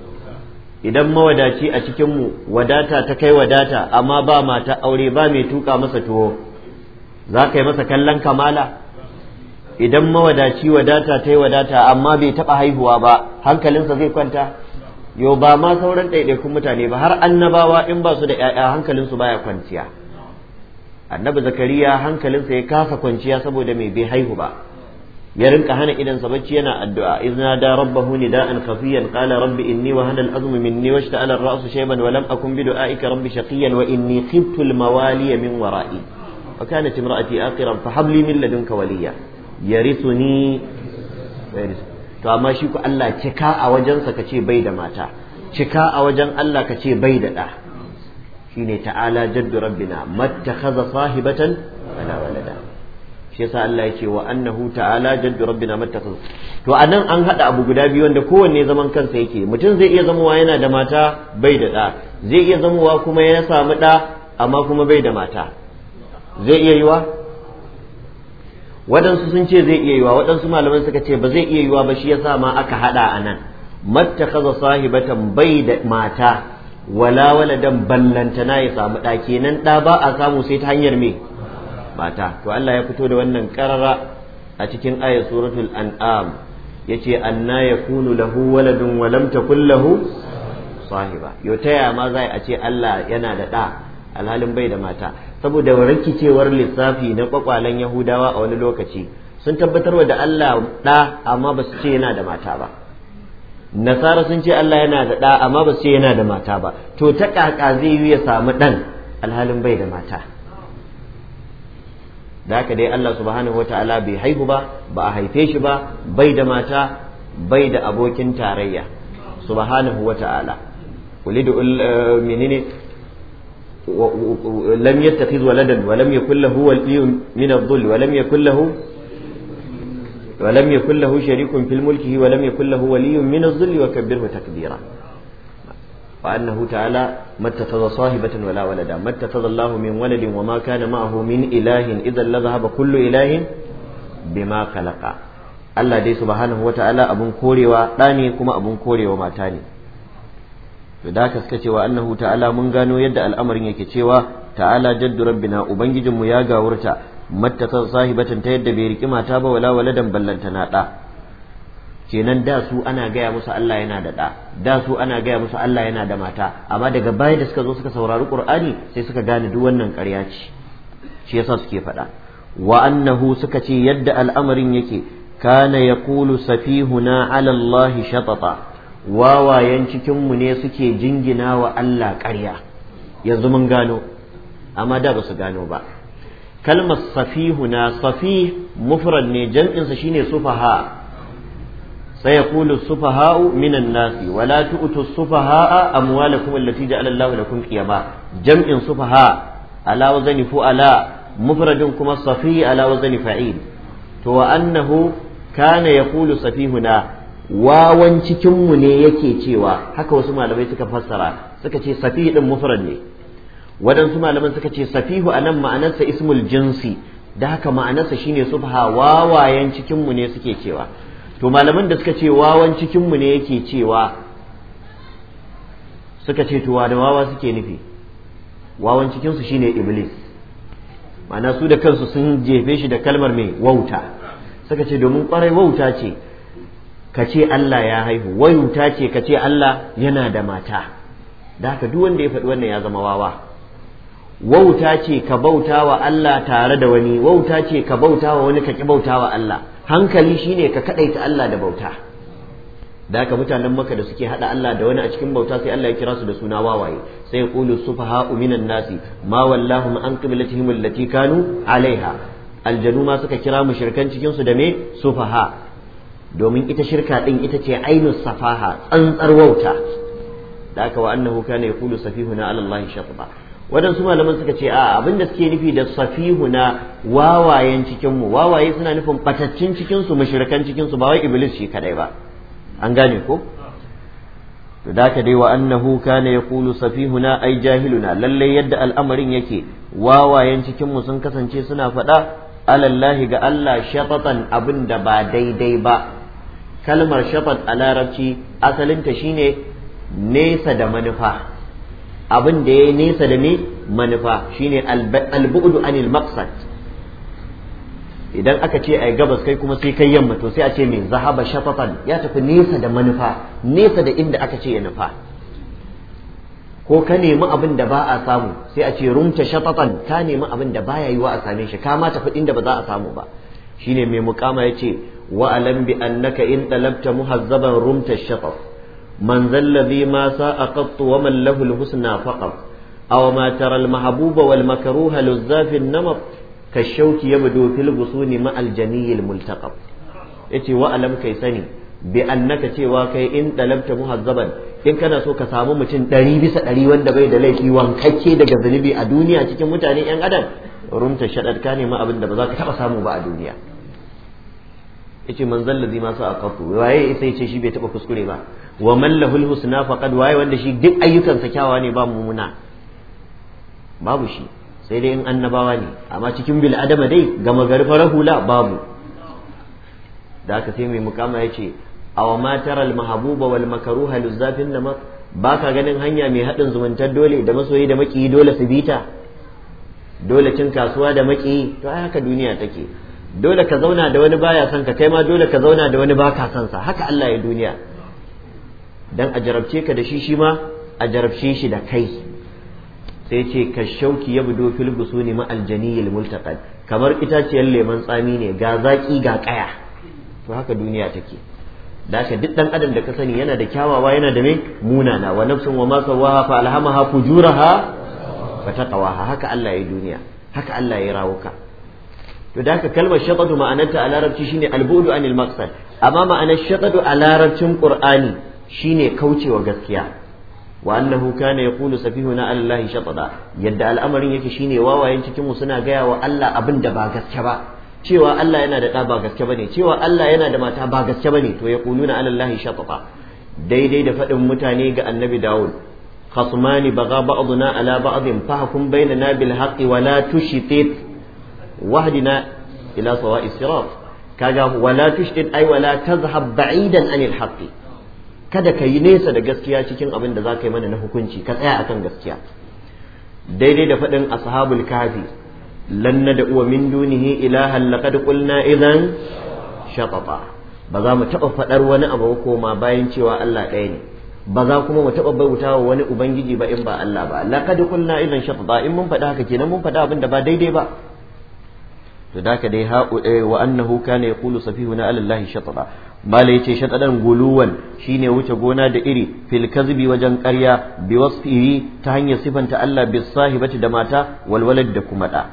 idan mawadaci a cikinmu wadata ta kai wadata amma ba mata aure ba mai tuka masa tuwo za ka yi masa kallon kamala idan mawadaci wadata ta yi wadata amma bai taɓa haihuwa ba hankalinsa zai kwanta yo ba ma sauran ɗaiɗaikun mutane ba har annabawa in ba su da ‘ya'ya hankalinsu baya kwanciya annabi zakariya hankalinsa ya kasa kwanciya saboda mai bai haihu ba ya rinka hana idansa bacci yana addu'a izna da rabbahu nida'an khafiyan qala rabbi inni wa hanal azmu minni washta'ala ar-ra'su shayban wa lam akun bi du'aika rabbi shaqiyan wa inni khiftu al-mawaliya min wara'i fa kanat imra'ati aqiran fa habli min ladunka waliya yarithuni to amma shi ku Allah cika a wajensa ka ce bai da mata cika a wajen Allah ka ce bai da ɗa ne ta'ala jaddu rabbina mattakhadha sahibatan Ana walada shi yasa Allah yake wa annahu ta'ala jaddu rabbina mattakhadha to anan an hada abu guda biyu wanda kowanne zaman kansa yake mutum zai iya zamowa yana da mata bai da ɗa zai iya zamowa kuma ya samu ɗa amma kuma bai da mata zai iya yiwa waɗansu sun ce zai iya yiwa waɗansu malaman suka ce ba zai iya yiwa ba shi yasa ma aka haɗa a nan mattakaza sahibatan bai da mata wala waladan na ya samu ɗa kenan ɗa ba a samu sai ta hanyar me mata to Allah ya fito da wannan karara a cikin ayat suratul an'am yace anna yakunu lahu waladun wa lam takul lahu sahiba yo taya ma zai a ce Allah yana da ɗa alhalin bai da mata saboda rikicewar lissafi na kwakwalen yahudawa a wani lokaci sun tabbatarwa da Allah ɗa amma ba su ce yana da mata ba nasara sun ce Allah yana da ɗa amma ba su ce yana da mata ba to ta ƙaƙa zai yi ya samu ɗan alhalin bai da mata da haka dai Allah subhanahu wa ta'ala bai haihu ba ba a haife shi ba bai da mata bai da abokin tarayya subhanahu wa ta'ala lam yattakhidh waladan wa lam yakul lahu waliyyun min adh-dhull wa lam wa lam yakul lahu wa lam yakul lahu waliyyun min adh wa kabbirhu takbira wa annahu ta'ala mattakhadha sahibatan wala walada mattakhadha Allahu min waladin wa ma kana ma'ahu min ilahin idhan la dhahaba kullu ilahin bima khalaqa Allah dai subhanahu wa ta'ala abun korewa ɗa ne kuma abun korewa mata ne da aka suka cewa annahu ta'ala mun gano yadda al'amarin yake cewa ta'ala jaddu rabbina ubangijinmu ya gawurta mattaka sahibatan ta yadda bai riki mata ba wala waladan ballanta na da kenan da su ana gaya musu Allah yana da da da su ana gaya musu Allah yana da mata amma daga baya da suka zo suka saurari Qur'ani sai suka gane duk wannan ƙarya ce shi yasa suke faɗa wa annahu suka ce yadda al'amarin yake kana yaqulu safihuna ala allahi shatata wawayen cikinmu ne suke jingina wa Allah ƙarya yanzu mun gano amma da ba su gano ba kalmar safihu na safi mufran ne jam'insa shine sufaha sai ya kulu sufaha'u minan nasi wala tu'tu sufaha'a amwalakum allati ja'ala Allahu lakum qiyama jam'in sufaha ala wazani fu'ala mufradin kuma safi ala wazani fa'il to wa annahu kana yaqulu safihuna wawan cikinmu ne yake cewa haka wasu malamai suka fassara suka ce safi din mufrad ne waɗansu malaman suka ce safihu a nan ma'anarsa ismul jinsi da haka ma'anarsa shine subha wawayen cikinmu ne suke cewa to malaman da suka ce wawan cikinmu ne yake cewa suka ce to da wawa suke nufi wawan cikinsu shine iblis ma'ana su da kansu sun jefe shi da kalmar mai wauta suka ce domin kwarai wauta ce ka ce Allah ya haihu wayuta ce ka ce Allah yana da mata da haka duk wanda ya faɗi wannan ya zama wawa wauta ce ka bauta wa Allah tare da wani wauta ce ka bauta wa wani ka ki bauta wa Allah hankali shine ka kadaita Allah da bauta da haka mutanen maka da suke hada Allah da wani a cikin bauta sai Allah ya kira su da suna wawaye sai qulu sufaha minan nasi ma ma an qiblatihim allati kanu alaiha aljanu ma suka kira mushrikan cikin su da me sufaha domin ita shirka din ita ce ainihin safaha tsantsar wauta da aka wa ya kulu yaqulu safihuna alallahi allahi shatba wadansu malaman suka ce a abinda suke nufi da safihuna wawayen cikin mu wawaye suna nufin fatattun cikin su cikinsu, ba wai iblis shi kadai ba an gane ko to da ka dai wa ya kulu yaqulu na ai jahiluna lalle yadda al'amarin yake wawayen cikin mu sun kasance suna faɗa alallahi ga Allah shafatan abin da ba daidai ba kalmar shafat a larabci asalinta shine nesa da manufa abin da ya nesa da me manufa shine albu'du anil maqsad idan aka ce ai gabas kai kuma sai kai yamma to sai a ce me zahaba shafatan ya tafi nesa da manufa nesa da inda aka ce ya nufa ko ka nemi abin da ba a samu sai a ce rumta shafatan ka nemi abin da baya yiwa a same shi ka ma tafi inda ba za a samu ba shine mai mukama ya ce وألم بأنك إن طلبت مهذبا رمت الشطر من ذا الذي ما ساء قط ومن له الحسنى فقط أو ما ترى المحبوب والمكروه لذا في النمط كالشوك يبدو في الغصون مع الجني الملتقط إتي وألم كيسني بأنك تيوا كي إن طلبت مهذبا in kana so ka samu mutum ɗari bisa ɗari wanda bai da laifi wankacce daga zunubi a duniya cikin mutane 'yan adam rumta shaɗar ka nema abin da ba za ka taɓa samu ba a duniya yace man zalla ma sa aqatu waye sai yace shi bai taba kuskure ba wa man lahul husna faqad waye wanda shi duk ayyukan sa kyawawa ne ba mumuna babu shi sai dai in annabawa ne amma cikin bil adama dai gama gari farar hula babu da aka sai mai mukama yace aw ma taral mahbuba wal makruha luzafin namat ba ka ganin hanya mai haɗin zumuntar dole da masoyi da maƙiyi dole su bita dole cin kasuwa da maƙiyi to ai haka duniya take dole ka zauna da wani baya son ka kai ma dole ka zauna da wani baka son sa haka Allah ya duniya dan a jarabce ka da shi shi ma a jarabce shi da kai sai ce ka shauki ya budo fil gusuni ma aljaniyil multaqal kamar itaciyar leman tsami ne ga zaki ga kaya to haka duniya take da haka duk dan adam da ka sani yana da kyawawa yana da me munana wa nafsun wa ma sawaha fa alhamaha fujuraha fa taqawaha haka Allah ya duniya haka Allah ya rawuka to da haka kalmar shatadu ma'anarta a larabci shine albudu anil maqsad amma ma'anar shatadu a larabcin qur'ani shine kaucewa gaskiya wa annahu kana yaqulu safihuna ala allahi shatada yadda al'amarin yake shine wawayen cikin mu suna gaya wa Allah abin da ba gaske ba cewa Allah yana da ɗa ba gaske bane cewa Allah yana da mata ba gaske bane to yaquluna ala allahi shatada daidai da faɗin mutane ga annabi Dawud khasmani baga ba'duna ala ba'din fahkum bainana bil haqqi wa la wahdina ila sawa'i sirat kaga wala tushdid ai wala tazhab ba'idan anil haqqi kada ka yi nesa da gaskiya cikin abin da za ka yi mana na hukunci ka tsaya akan gaskiya daidai da faɗin ashabul kafi da uwa min dunihi ilahan laqad qulna idan shatata ba za mu taɓa faɗar wani abu koma bayan cewa Allah ɗaya ne ba za kuma mu taɓa bauta wa wani ubangiji ba in ba Allah ba laqad qulna idan shatata in mun faɗa haka kenan mun faɗa abin da ba daidai ba to da ka dai eh, wa annahu kana yaqulu safihuna ala allahi shatara mala yace shatadan guluwan shine wuce gona da iri fil kazbi wajen ƙarya bi wasfihi ta hanyar sifanta Allah bis sahibati da mata wal da kuma da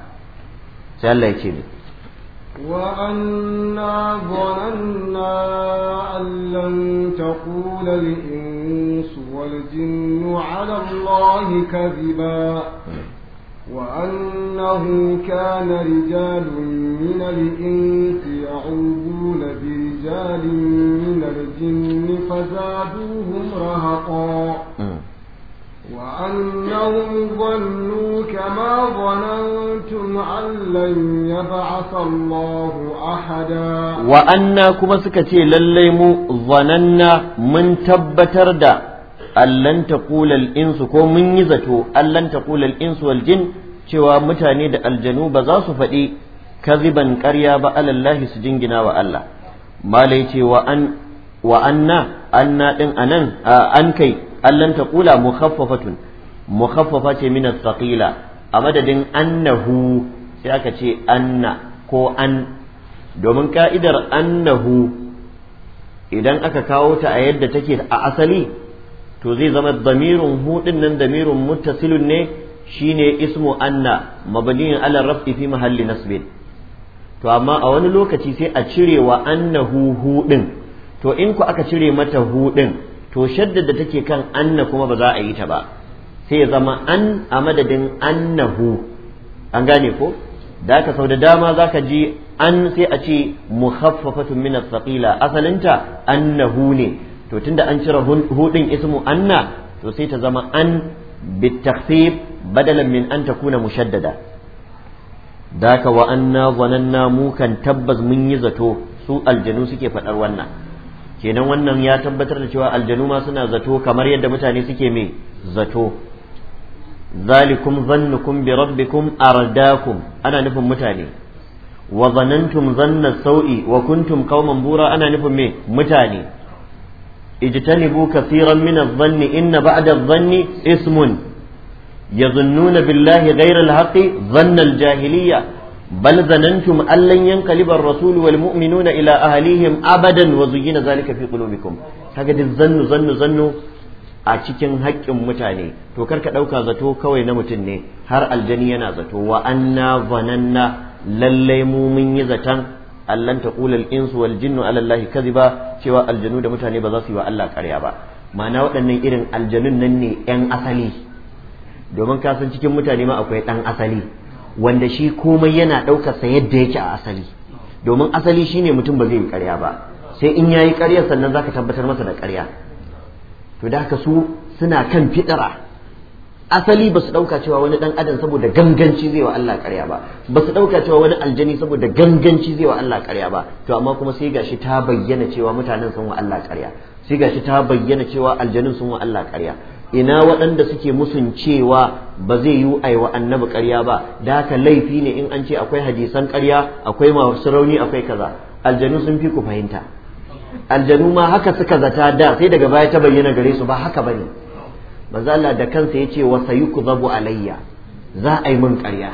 sai Allah yace ne وأنا ظننا أن insu تقول الإنس والجن وأنه كان رجال من الإنس يعوذون برجال من الجن فزادوهم رهقا وأنهم ظنوا كما ظننتم أن لن يبعث الله أحدا وأنا كما سكتي لليم ظننا من تبتر دا allan taqula al-insu ko mun yi zato allan taqula al-insu wal jin cewa mutane da aljanu ba za su faɗi kaziban ƙarya ba alallahi su jingina wa Allah malai ce wa an wa anna anna din anan an kai allan taqula mukhaffafatun mukhaffafa ce min thaqila a madadin annahu sai aka ce anna ko an domin ka'idar annahu idan aka kawo ta a yadda take a asali to zai zama damirun hudin nan damirun muttasilun ne shine ismu anna mabniyin ala raf'i fi mahalli nasbin to amma a wani lokaci sai a cire wa annahu hudin to in ku aka cire mata hudin to shadda da take kan anna kuma ba za a yi ta ba sai zama an a madadin annahu an gane ko da ka sau da dama za ka ji an sai a ce mukhaffafatun min as-saqila asalinta annahu ne to tunda an cire hudin ismu anna to sai ta zama an بالتخفيف بدلا من أن تكون مشددة ذاك mu kan tabbas mun yi zato su aljanu suke faɗar wanna. kenan wannan ya tabbatar da cewa aljanu ma suna zato kamar yadda mutane suke mai zato zalikum zannukum bi rabbikum ardakum ana nufin mutane wa zanantum zanna sau'i wa kuntum qauman bura ana nufin me mutane اجتنبوا كثيرا من الظن إن بعد الظن اسم يظنون بالله غير الحق ظن الجاهلية بل ظننتم أن لن ينقلب الرسول والمؤمنون إلى أهليهم أبدا وزين ذلك في قلوبكم هكذا الظن ظن ظن a cikin haƙƙin mutane to karka ɗauka zato kawai na mutum ne har aljani yana zato wa anna zananna lallai mu mun yi zaton allan ta al-insu wal jinnu ala allahi kadhiba cewa aljanu da mutane ba za su yi wa Allah ƙarya ba ma'ana waɗannan irin aljanun nan ne yan asali domin ka san cikin mutane ma akwai ɗan asali wanda shi komai yana ɗaukar sa yadda yake a asali domin asali shine mutum ba zai yi ƙarya ba sai in yayi ƙarya sannan zaka tabbatar masa da ƙarya to da haka su suna kan fitara asali ba su ɗauka cewa wani ɗan adam saboda ganganci zai wa Allah ƙarya ba ba su ɗauka cewa wani aljani saboda ganganci zai wa Allah ƙarya ba to amma kuma sai gashi ta bayyana cewa mutanen sun wa Allah ƙarya sai gashi ta bayyana cewa aljanin sun wa Allah ƙarya ina waɗanda suke musun cewa ba zai yi aiwa wa annabi ƙarya ba da haka laifi ne in an ce akwai hadisan ƙarya akwai masu rauni akwai kaza aljanu sun fi ku fahimta aljanu ma haka suka zata da sai daga baya ta bayyana gare su ba haka bane manzo Allah da kansa yace wa sayukzabu alayya za a yi min ƙarya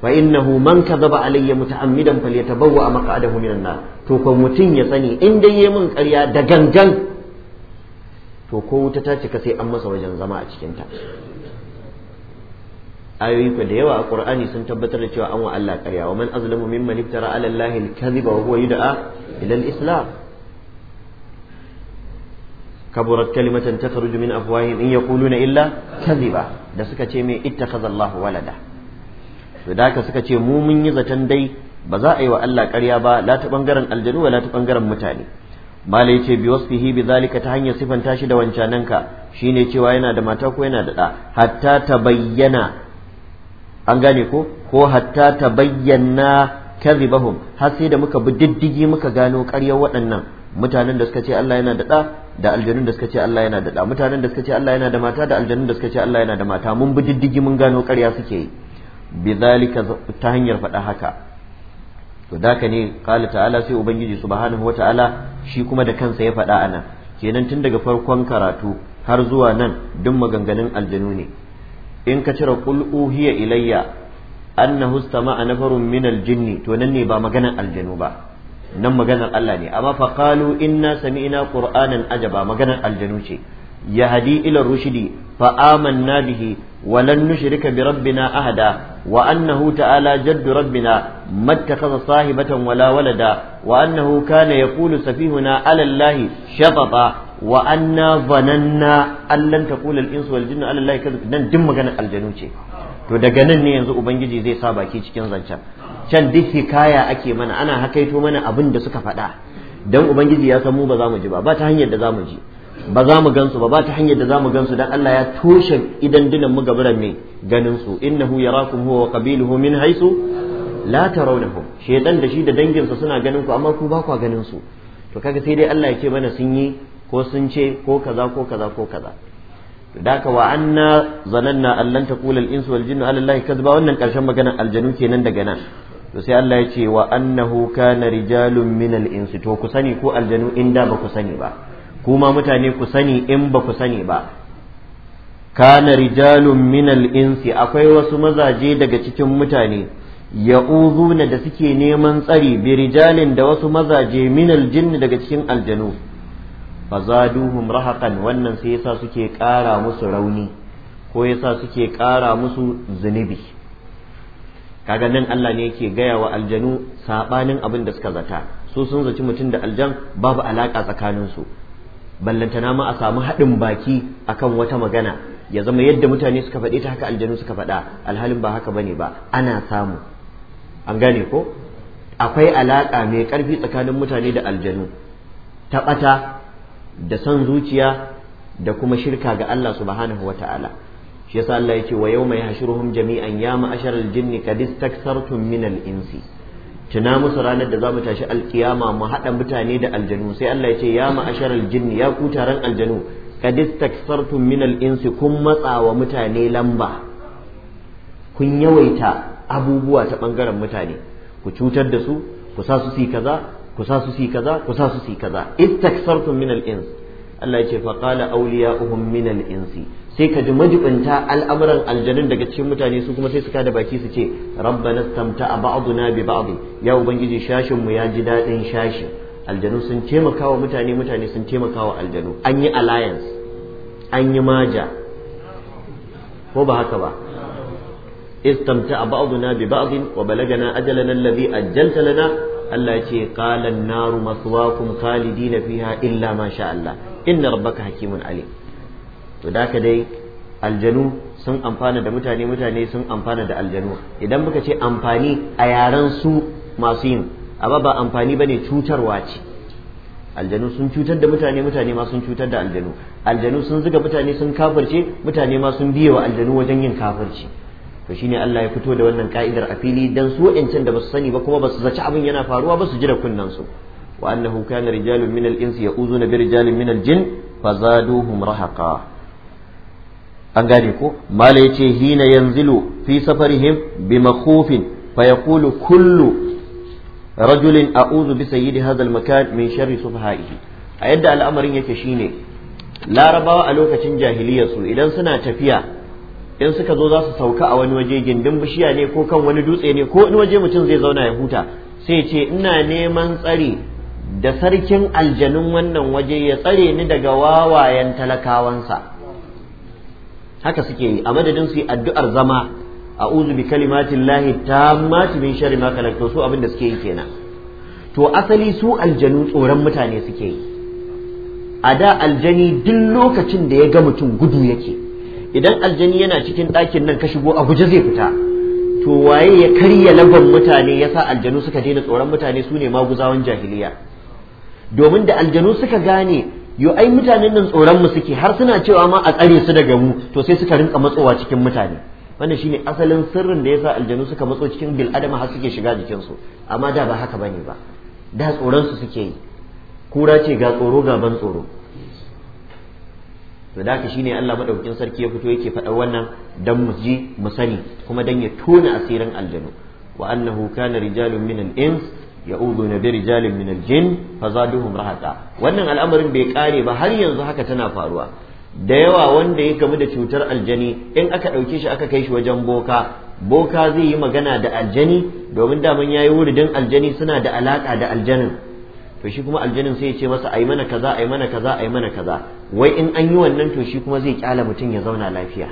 fa innahu man kadhaba alayya muta'ammidan falyatabawwa maq'adahu minan nar to ko mutun ya sani in dai yayi min ƙarya da gangan to ko wuta ta cika sai an masa wajen zama a cikin ta ayoyi da yawa a qur'ani sun tabbatar da cewa an wa Allah ƙarya wa man azlamu mimman iftara ala allahi al-kadhiba wa huwa yud'a ila al-islam kaburat kalimatan takhruju min afwahihim in kuluna illa kaziba da suka ce mai ita Allahu walada to da suka ce mu mun yi zaton dai ba za a yi wa Allah karya ba lati ɓangaren bangaren aljanu wala lati bangaren mutane mala yace bi fihi bi zalika ta hanyar sifanta shi da wancananka shine cewa yana da mata ko yana da hatta ta bayyana. an gane ko ko hatta tabayyana kadhibahum har sai da muka bi diddigi muka gano karyar waɗannan mutanen da suka ce Allah yana da ɗa. da aljanun da suka ce Allah yana da da mutanen da suka ce Allah yana da mata da aljanun da suka ce Allah yana da mata mun bi diddigi mun gano ƙarya suke yi bi ta hanyar faɗa haka to daka ne qala ta'ala sai ubangiji subhanahu wa ta'ala shi kuma da kansa ya faɗa ana. kenan tun daga farkon karatu har zuwa nan duk maganganun aljanu ne in ka cire qul uhiya ilayya annahu istama'a nafarun min aljinni to nan ne ba maganan aljanu ba nan maganar Allah ne amma fa qalu inna sami'na qur'anan ajaba maganar aljanu ce yahdi ila rushdi fa amanna bihi wa lan nushrika bi rabbina ahada wa annahu ta'ala jaddu rabbina mattakhadha sahibatan wala walada wa annahu kana yaqulu safihuna ala allahi shatata wa anna dhananna an lan taqula al-insu wal jinnu ala allahi kadhib nan din maganar aljanu ce to daga nan ne yanzu ubangiji zai sa baki cikin zancen can duk hikaya ake mana ana hakaito mana abin da suka faɗa dan ubangiji ya san mu ba za mu ji ba ba ta hanyar da za mu ji ba za mu gansu ba ba ta hanyar da za mu gansu don Allah ya toshe idan dunan mu da mai ganin su innahu yarakum huwa wa qabiluhu min haisu la tarawnahum shedan da shi da danginsa suna ganin ku amma ku ba kwa ganin su to kaga sai dai Allah ya ce mana sun yi ko sun ce ko kaza ko kaza ko kaza to daka wa anna zananna allan taqula al-insu wal jinnu ala allahi wannan karshen maganar aljanu kenan daga nan to sai Allah ya ce wa annahu kana rijalun minal insi to ku sani ko aljanu in da ba ku sani ba kuma mutane ku sani in ba ku sani ba kana rijalun minal insi akwai wasu mazaje daga cikin mutane ya'uzuna da suke neman tsari bi rijalin da wasu mazaje minal jinni daga cikin aljanu fazaduhum rahaqan wannan sai yasa suke ƙara musu rauni ko yasa suke ƙara musu zunubi kaga nan Allah ne yake gaya wa aljanu sabanin abin da suka zata su sun zaci mutum da aljan babu alaka tsakanin su ballantana ma a samu haɗin baki akan wata magana ya zama yadda mutane suka faɗi ta haka aljanu suka faɗa alhalin ba haka bane ba ana samu an gane ko akwai alaka mai ƙarfi tsakanin mutane da aljanu ta ɓata da son zuciya da kuma shirka ga Allah subhanahu wa ta'ala shi yasa Allah yake wa yawma yahshuruhum jami'an ya ma'asharal jinni qad istakthartum min al tuna musu ranar da za mu tashi alkiyama mu haɗa mutane da aljanu sai Allah ya ce ya ma'asharal jinni ya ku taron aljanu qad istakthartum min al kun matsa wa mutane lamba kun yawaita abubuwa ta ɓangaren mutane ku cutar da su ku sa su si kaza ku sa su si kaza ku sa su si kaza istakthartum min al Allah ya ce awliya'uhum min al-insi sai ka ji majibinta al'amuran aljanun daga cikin mutane su kuma sai su kada baki su ce rabba na stamta a stamta'a na bi ba'd ya ubangiji shashin mu ya ji dadin shashi aljanu sun taimakawa mutane mutane sun taimakawa aljanu an yi alliance an yi maja ko ba haka ba a istamta'a na bi ba'd wa balagana ajalana alladhi ajjalta lana Allah ya ce qala an-naru maswaakum khalidina fiha illa ma sha Allah inna rabbaka hakimun alim to da ka dai aljanu sun amfana da mutane mutane sun amfana da aljanu idan muka ce amfani a yaren su masu yin abu ba amfani ba ne cutarwa ce aljanu sun cutar da mutane mutane ma sun cutar da aljanu aljanu sun zuga mutane sun kafirce mutane ma sun biye wa aljanu wajen yin kafirci to shine Allah ya fito da wannan ka'idar a fili dan su wa'ancan da basu sani ba kuma basu zaci abin yana faruwa ba su ji da kunnan su wa annahu kana rijalun minal insi ya'uzuna bi rijalin minal jin fazaduhum rahaqa an gane ko mala yace hina yanzilu fi safarihim bi makhufin fa yaqulu kullu rajulin a'udhu bi sayyidi hadha al-makan min sharri sufahaihi a yadda al'amarin yake shine larabawa a lokacin su idan suna tafiya in suka zo za su sauka a wani waje gindin bishiya ne ko kan wani dutse ne ko wani waje mutum zai zauna ya huta sai ce ina neman tsari da sarkin aljanun wannan waje ya tsare ni daga wawayen talakawansa haka suke yi a madadin su yi addu'ar zama a'udhu bi kalimatin lahi tammati min sharri ma khalaq to su abin da suke yi kenan to asali su aljanu tsoron mutane suke yi a da aljani duk lokacin da ya ga mutum gudu yake idan aljani yana cikin ɗakin nan ka shigo a guje zai fita to waye ya karya lagon mutane yasa aljanu suka daina tsoron mutane su ne maguzawan jahiliya domin da aljanu suka gane yo ai mutanen nan tsoron mu suke har suna cewa ma a tsare su daga mu to sai suka rinka matsowa cikin mutane wanda shine asalin sirrin da yasa aljanu suka matso cikin bil adama har suke shiga jikin su amma da ba haka bane ba da tsoron su suke yi kura ce ga tsoro ga ban tsoro to da haka shine Allah madaukakin sarki ya fito yake faɗa wannan dan mu ji mu sani kuma dan ya tona asirin aljanu wa annahu kana rijalun min ins na bi rijalin min al fazaduhum rahaqa wannan al'amarin bai kare ba har yanzu haka tana faruwa da yawa wanda ya kamu da cutar aljani in aka ɗauke shi aka kai shi wajen boka boka zai yi magana da aljani domin daman yayi wuridin aljani suna da alaka da aljanin to shi kuma aljanin sai ya ce masa ai mana kaza ai mana kaza ai mana kaza wai in an yi wannan to shi kuma zai kyala mutum ya zauna lafiya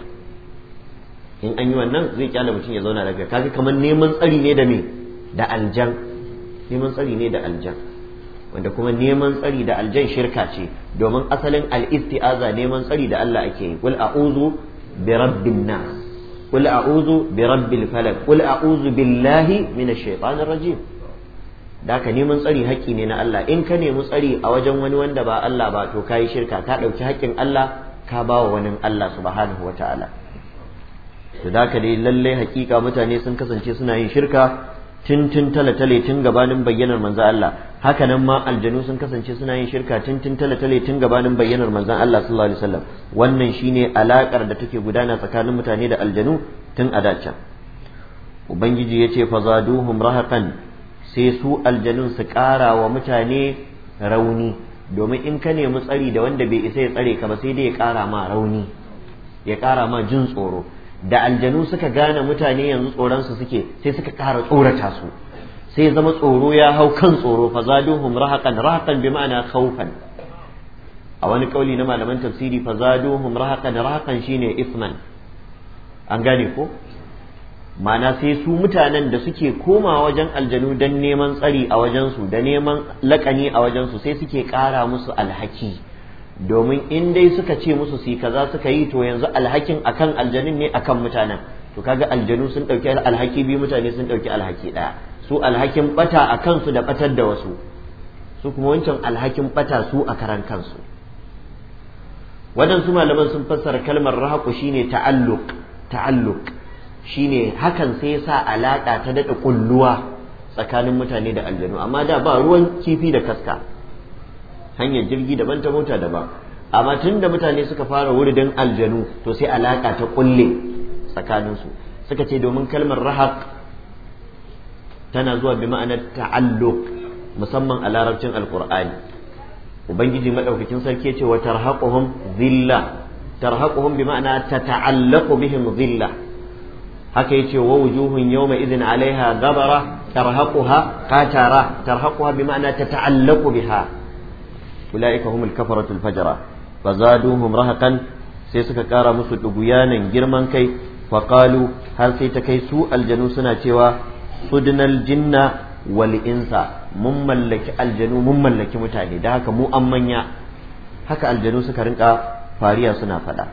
in an yi wannan zai kyala mutum ya zauna lafiya kaga kamar neman tsari ne da me da aljan neman tsari ne da aljan wanda kuma neman tsari da aljan shirka ce domin asalin al-isti'aza neman tsari da Allah ake yi qul a'udhu bi rabbin nas qul a'udhu bi rabbil falaq qul a'udhu billahi minash shaitanir rajim daka neman tsari haƙƙi ne na Allah in ka nemi tsari a wajen wani wanda ba Allah ba to kayi shirka ka ɗauki haƙƙin Allah ka bawa wani Allah subhanahu wa ta'ala to daka dai lallai haƙiƙa mutane sun kasance suna yin shirka tintin tale-tale tun gabanin bayyanar manzo Allah haka nan ma aljanu sun kasance suna yin shirka tintin tale tun gabanin bayyanar manzan Allah sallallahu alaihi wasallam wannan shine alakar da take gudana tsakanin mutane da aljanu tun a dace ubangiji yace fazaduhum rahaqan sai su aljanun su ƙara wa mutane rauni domin in ka nemi tsari da wanda bai isa ya tsare ka ba sai dai ya kara ma rauni ya ƙara ma jin tsoro da aljanu suka gane mutane yanzu tsoron su suke sai suka ƙara tsorata su sai zama tsoro ya hau kan tsoro fa zaduhum rahaqan rahaqan bi ma'ana khawfan a wani kauli na malaman tafsiri fa zaduhum rahaqan rahaqan shine isman an gane ko ma'ana sai su mutanen da suke koma wajen aljanu dan neman tsari a wajen su, da neman laƙani a wajen su, sai suke ƙara musu alhaki domin in dai suka ce musu su kaza suka yi to yanzu alhakin akan aljanin ne akan mutanen to kaga aljanu sun dauki alhaki biyu mutane sun dauki alhaki daya su alhakin bata a kansu da batar da wasu su kuma wancan alhakin bata su a karan kansu waɗansu malaman sun fassara kalmar rahaku shine ta'alluq ta'alluq shine hakan sai sa alaka ta daɗa kulluwa tsakanin mutane da aljanu amma da ba ruwan kifi da kaska hanyar jirgi daban ta mota daban amma tun da mutane suka fara wuridin aljanu to sai alaka ta kulle tsakaninsu suka ce domin kalmar rahaq tana zuwa bi ma'anar ta'alluq musamman a larabcin alqur'ani ubangiji madaukakin sarki ce wa tarhaquhum zilla tarhaquhum bi ma'ana tata'allaqu bihim zilla haka yace wa wujuhun yawma idhin 'alayha gabara tarhaquha qatara tarhaquha bi ma'ana tata'allaqu biha ulaika humul kafaratul fajara fazaduhum rahaqan sai suka kara musu duguyanan girman kai faqalu har sai ta kai su aljanu suna cewa sudnal jinna wal insa mun mallaki aljanu mun mallaki mutane da haka mu an manya haka aljanu suka rinka fariya suna fada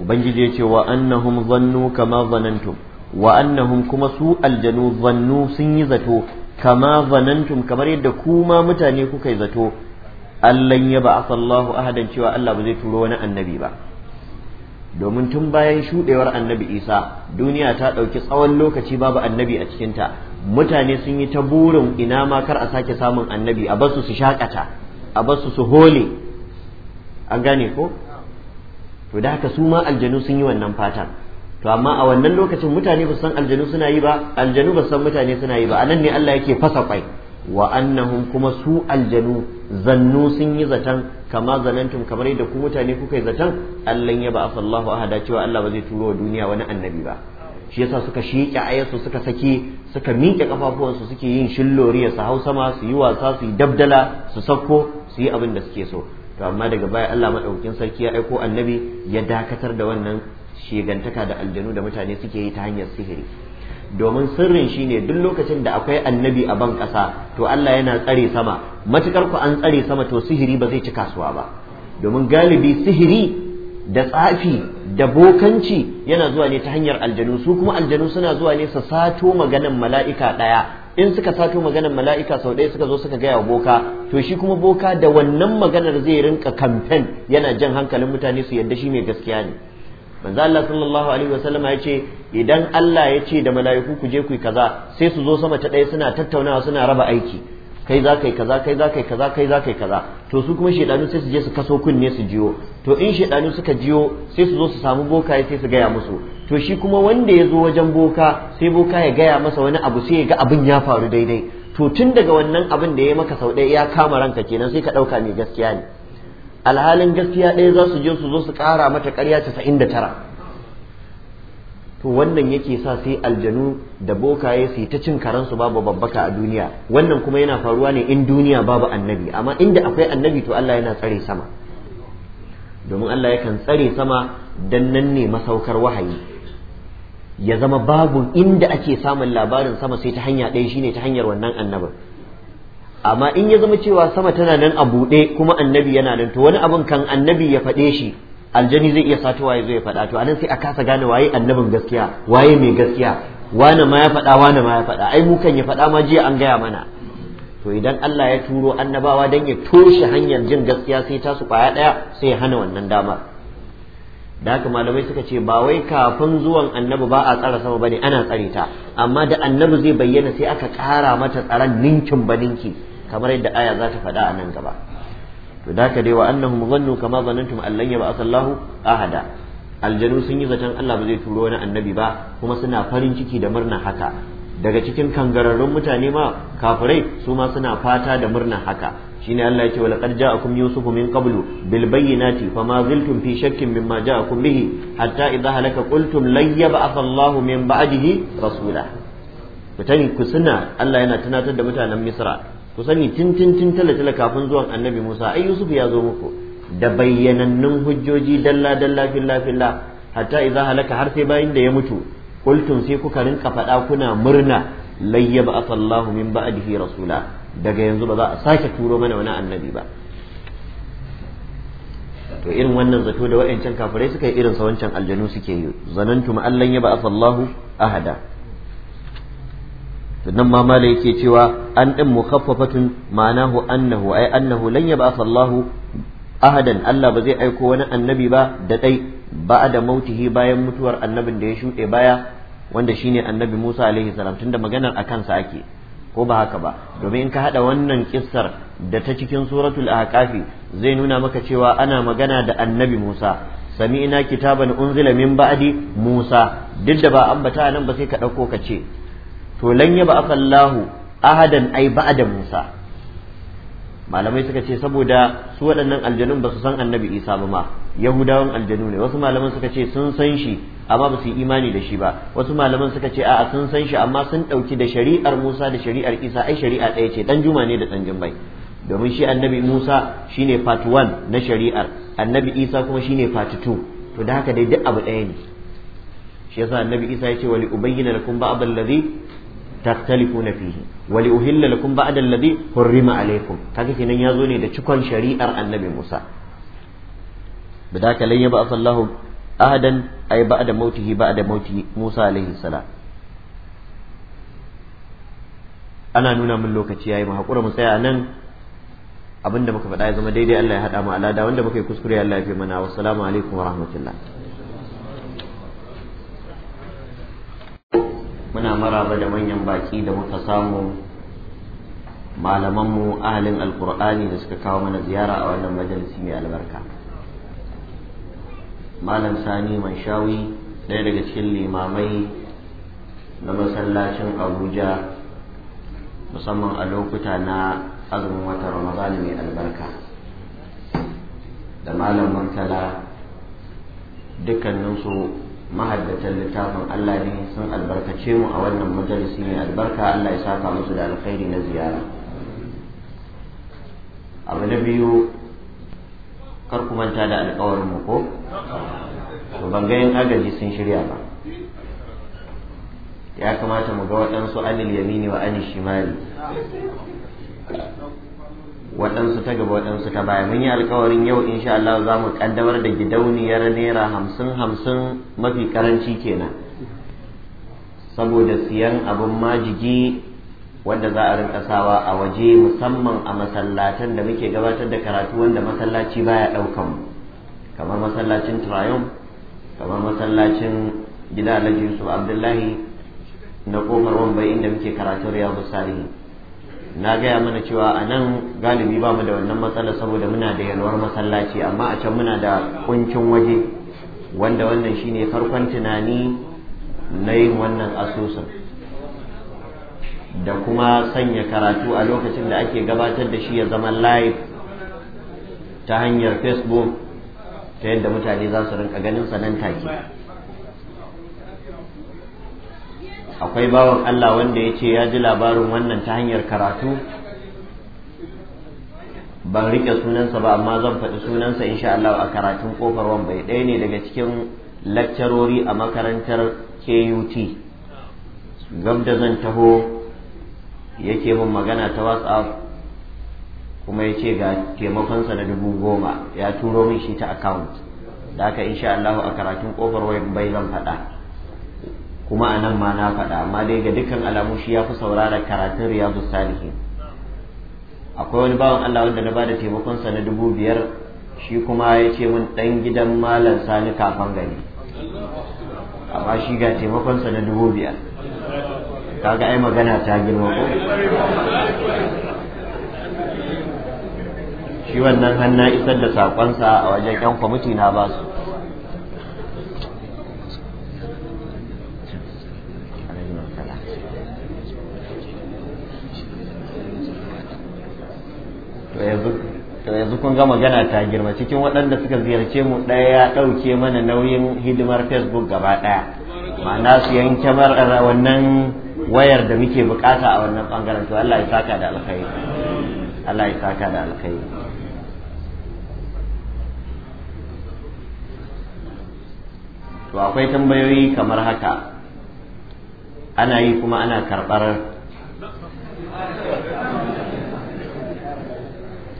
ubangiji ya ce wa annahum zannu kama zanantum wa annahum kuma su aljanu zannu sun yi zato kama zanantum kamar yadda kuma mutane kuka yi zato allan ya ba asallahu ahadan cewa Allah ba zai turo wani annabi ba domin tun bayan shuɗewar annabi isa duniya ta ɗauki tsawon lokaci babu annabi a cikinta mutane sun yi ta burin ina ma kar a sake samun annabi a basu su shakata a basu su hole an gane ko to da haka su ma aljanu sun yi wannan fatan to amma a wannan lokacin mutane ba san aljanu suna yi ba aljanu ba san mutane suna yi ba anan ne Allah yake fasa kwai wa annahum kuma su aljanu zannu sun yi zatan kama zanantum kamar yadda ku mutane kuka yi zaton allan ya ba sallahu ahada cewa Allah ba zai turo wa duniya wani annabi ba shi yasa suka sheke ayarsu suka saki suka miƙe kafafuwansu suke yin shilloriya su hau sama su yi wasa su yi dabdala su sakko su yi abin da suke so to amma daga baya Allah madaukakin sarki ya aiko annabi ya dakatar da wannan Shigantaka da aljanu da mutane suke yi ta hanyar sihiri domin sirrin shine duk lokacin da akwai annabi a ban ƙasa to Allah yana tsare sama matukar ku an tsare sama to sihiri ba zai ci kasuwa ba domin galibi sihiri da tsafi da bokanci yana zuwa ne ta hanyar aljanu su kuma aljanu suna zuwa ne su sato maganan mala'ika ɗaya in suka sato maganar mala'ika sau ɗaya suka zo suka gaya wa boka to shi kuma boka da wannan maganar zai rinka kamfen yana jan hankalin mutane su yadda shi mai gaskiya ne manzo Allah sallallahu alaihi wasallam ya ce idan Allah ya ce da mala'iku ku je ku yi kaza sai su zo sama ta ɗaya suna tattaunawa suna raba aiki kai za kai kaza kai za kai kaza kai za kai kaza to su kuma shedanu sai su je su kaso kunne su jiyo to in shedanu suka jiyo sai su zo su samu bokaye sai su gaya musu to shi kuma wanda ya zo wajen boka sai boka ya gaya masa wani abu sai ya ga abin ya faru daidai to tun daga wannan abin da ya maka sau ɗaya ya kama ranka kenan sai ka ɗauka mai gaskiya ne alhalin gaskiya ɗaya za su je su zo su ƙara mata ƙarya casa'in da tara to wannan yake sa sai aljanu da bokaye su ta cin karansu babu babbaka a duniya wannan kuma yana faruwa ne in duniya babu annabi amma inda akwai annabi to Allah yana tsare sama domin Allah yakan tsare sama dan nan ne masaukar wahayi ya zama babu inda ake samun labarin sama sai ta hanya ɗaya shine ta hanyar wannan annabin amma in ya zama cewa sama tana nan a buɗe kuma annabi yana nan to wani abun kan annabi ya faɗe shi aljani zai iya sato waye zai faɗa to anan sai a kasa gane waye annabin gaskiya waye mai gaskiya wane ma ya faɗa wane ma ya faɗa ai mu kan ya faɗa ma jiya an gaya mana to idan Allah ya turo annabawa dan ya toshe hanyar jin gaskiya sai ta su ɗaya sai ya hana wannan damar da haka malamai suka ce ba wai kafin zuwan annabi ba a tsara sama bane ana tsare ta amma da annabi zai bayyana sai aka ƙara mata tsaran ninkin ba ninki kamar yadda aya za ta faɗa a nan gaba to da haka dai wa annahum zannu kama zanantum an lan yab'ath Allahu ahada aljanu sun yi zaton Allah ba zai turo wani annabi ba kuma suna farin ciki da murna haka daga cikin kangararrun mutane ma kafirai su ma suna fata da murna haka shine Allah ya ce wa laqad ja'akum yusufu min qablu bil bayyinati fama ziltum fi shakkin mimma ja'akum bihi hatta idha halaka qultum lan yab'ath Allah min ba'dihi rasula ku ku suna Allah yana tunatar da mutanen Misra ku sani tun tun tun talatala kafin zuwan Annabi Musa ai Yusuf ya zo muku da bayyanannun hujjoji dalla dalla filla filla hatta idza halaka har sai bayin da ya mutu qultum sai kuka rinka faɗa kuna murna layyaba asallahu min ba'dihi rasula daga yanzu ba za a sake turo mana wani annabi ba to irin wannan zato da wa'ancan kafirai suka yi irin sa wancan aljanu suke yi zanantu ma allan ya ba'atha Allahu ahada sannan ma mala yake cewa an din mukhaffafatun ma'anahu annahu ay annahu lan yab'atha Allahu ahadan Allah ba zai aiko wani annabi ba da dai ba da mautihi bayan mutuwar annabin da ya shuɗe baya wanda shine annabi Musa alaihi salam tunda maganar akan sa ake ko ba haka ba domin in ka haɗa wannan kissar da ta cikin suratul ahqafi zai nuna maka cewa ana magana da annabi Musa sami'na kitaban unzila min ba'di Musa duk da ba ambata nan ba sai ka dauko ka ce to lan yaba afallahu ahadan ai ba'da Musa malamai suka ce saboda su waɗannan aljanun ba su san annabi Isa ba ma yahudawan aljanu ne wasu malaman suka ce sun san shi amma ba su yi imani da shi ba wasu malaman suka ce a'a sun san shi amma sun ɗauki da shari'ar musa da shari'ar isa ai shari'a ɗaya ce ɗan juma ne da ɗan jumbai domin shi annabi musa shine part 1 na shari'ar annabi isa kuma shine part 2 to da haka dai duk abu ɗaya ne shi yasa annabi isa ya ce wali ubayyana lakum ba'd allazi takhtalifuna fihi wa uhilla lakum ba'd allazi hurrima alaykum kaga kenan yazo ne da cikon shari'ar annabi Musa بذاك لن يبعث الله أحدا أي بعد موته بعد موت موسى عليه السلام أنا نونا من لوكتي mu محقورة مسيا أنن abin da muka faɗa ya zama daidai Allah ya haɗa mu alada wanda muka yi kuskure Allah ya fi mana wa salamu alaikum wa rahmatullah muna maraba da manyan baki da muka samu malamanmu ahalin alkur'ani da suka kawo mana ziyara a wannan majalisi mai albarka malam sani mai shawi ɗaya daga cikin limamai na masallacin abuja musamman a lokuta na azumin wata ramadan mai albarka da malam murtala dukkaninsu mahaddatan littafin allah ne sun albarkace mu a wannan majalisi mai albarka allah ya saka musu da alkhairi na ziyara abu na biyu kar ku manta da alƙawarin mu ko to ban ga yan agaji sun shirya ba ya kamata mu ga waɗansu anil yamini wa anil shimali waɗansu ta gaba waɗansu ta baya mun yi alkawarin yau insha Allah za mu kaddamar da gidauniyar naira hamsin hamsin mafi karanci kenan saboda siyan abin majigi wanda za a rinka sawa a waje musamman a masallatan da muke gabatar da karatu wanda masallaci baya ɗaukan kamar masallacin triumph kamar masallacin gida alhaji yusuf abdullahi na kofar wambai inda muke karatun riyadu salihi na gaya mana cewa a nan galibi ba mu da wannan matsala saboda muna da yalwar masallaci amma a can muna da kuncin waje wanda wannan shine farkon tunani na yin wannan asusun da kuma sanya karatu a lokacin da ake gabatar da shi ya zama live ta hanyar facebook ta yadda mutane za su rinka ganin sanan take akwai bawan allah wanda ya ce ya ji labarin wannan ta hanyar karatu ban rike sunansa ba amma zan faɗi sunansa insha Allah a karatun kofar bai ɗaya ne daga cikin lakcarori a makarantar KUT gab da zan taho yake mun magana ta whatsapp kuma ya ce ga taimakonsa na dubu goma ya turo min shi ta account da aka insha Allah a karatun kofar wayar bai zan faɗa kuma a nan ma na faɗa amma dai ga dukkan alamu shi ya fi saurara karatun riyadu salihin akwai wani bawan Allah wanda na bada taimakonsa na dubu biyar shi kuma ya ce min ɗan gidan malam sani kafan gani amma shi ga taimakonsa na dubu biyar kaga ai magana ta girma ko shi wannan hanna isar da sakonsa a wajen yan kwamiti na ba su yanzu kun ga magana ta girma cikin waɗanda suka ziyarce mu ɗaya ya ɗauke mana nauyin hidimar facebook gaba ɗaya ma'ana su yanke kyamarar wannan wayar da muke bukata a wannan bangaren to Allah ya saka da alkhairi Allah ya saka da alkhairi to akwai tambayoyi kamar haka ana yi kuma ana karɓar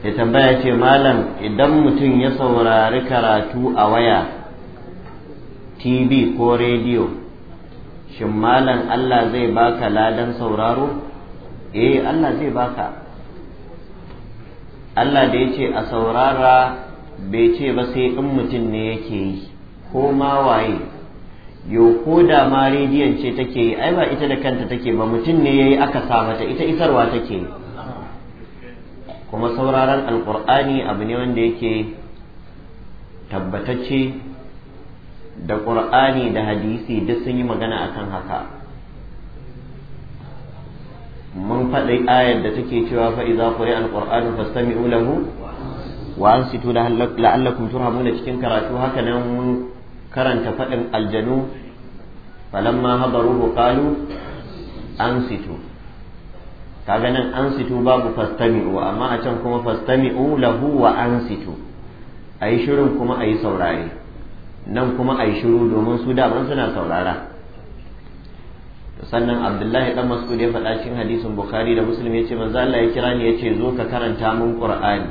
ya tambaya ce malam idan mutum ya saurari karatu a waya tv ko rediyo shin malam Allah zai baka ladan sauraro eh Allah zai baka Allah da ya ce a saurara bai ce ba sai in mutum ne yake yi ko ma waye yo ko da ma rediyon ce take yi ai ba ita da kanta take ba mutum ne yayi aka sa mata ita isarwa take kuma sauraron alkur'ani abu ne wanda yake tabbatacce da ƙur'ani da hadisi duk sun yi magana akan haka mun faɗi ayar da take cewa fa idza quri'a al-qur'anu fastami'u ulahu wa ansitu la'allakum turhamuna cikin karatu haka nan mun karanta faɗin aljanu falamma hadaruhu qalu ansitu kaga nan ansitu babu fastami'u amma a can kuma fastami'u lahu wa ansitu yi shirin kuma a yi saurari. nan kuma a yi shiru domin su daban suna saurara sannan abdullahi dan mas'ud ya faɗa cikin hadisin bukhari da Musulmi ya ce manzo Allah ya kira ni ya ce zo ka karanta min qur'ani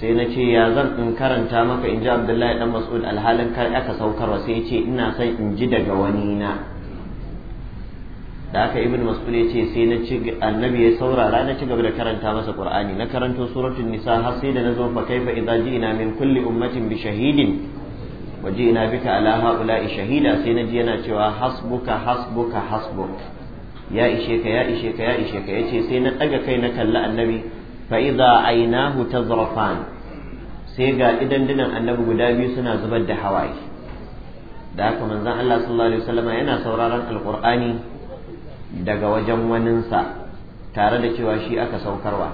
sai na ce ya zan in karanta maka in ji abdullahi dan mas'ud alhalin kar aka saukarwa sai ya ce ina son in ji daga wani na da aka ibn mas'ud ya ce sai na ci annabi ya saurara na ci gaba da karanta masa qur'ani na karanto suratun nisa har sai da na zo fa kaifa idza ina min kulli ummatin bi shahidin waje ina bika ala haula'i shahida sai na ji yana cewa hasbuka hasbuka hasbuk ya ishe ka ya ishe ka ya ishe ka yace sai na daga kai na kalli annabi fa idza ainahu tazrafan sai ga idan dinan annabi guda biyu suna zubar da hawaye da haka manzon Allah sallallahu alaihi wasallam yana sauraron alqur'ani daga wajen waninsa tare da cewa shi aka saukarwa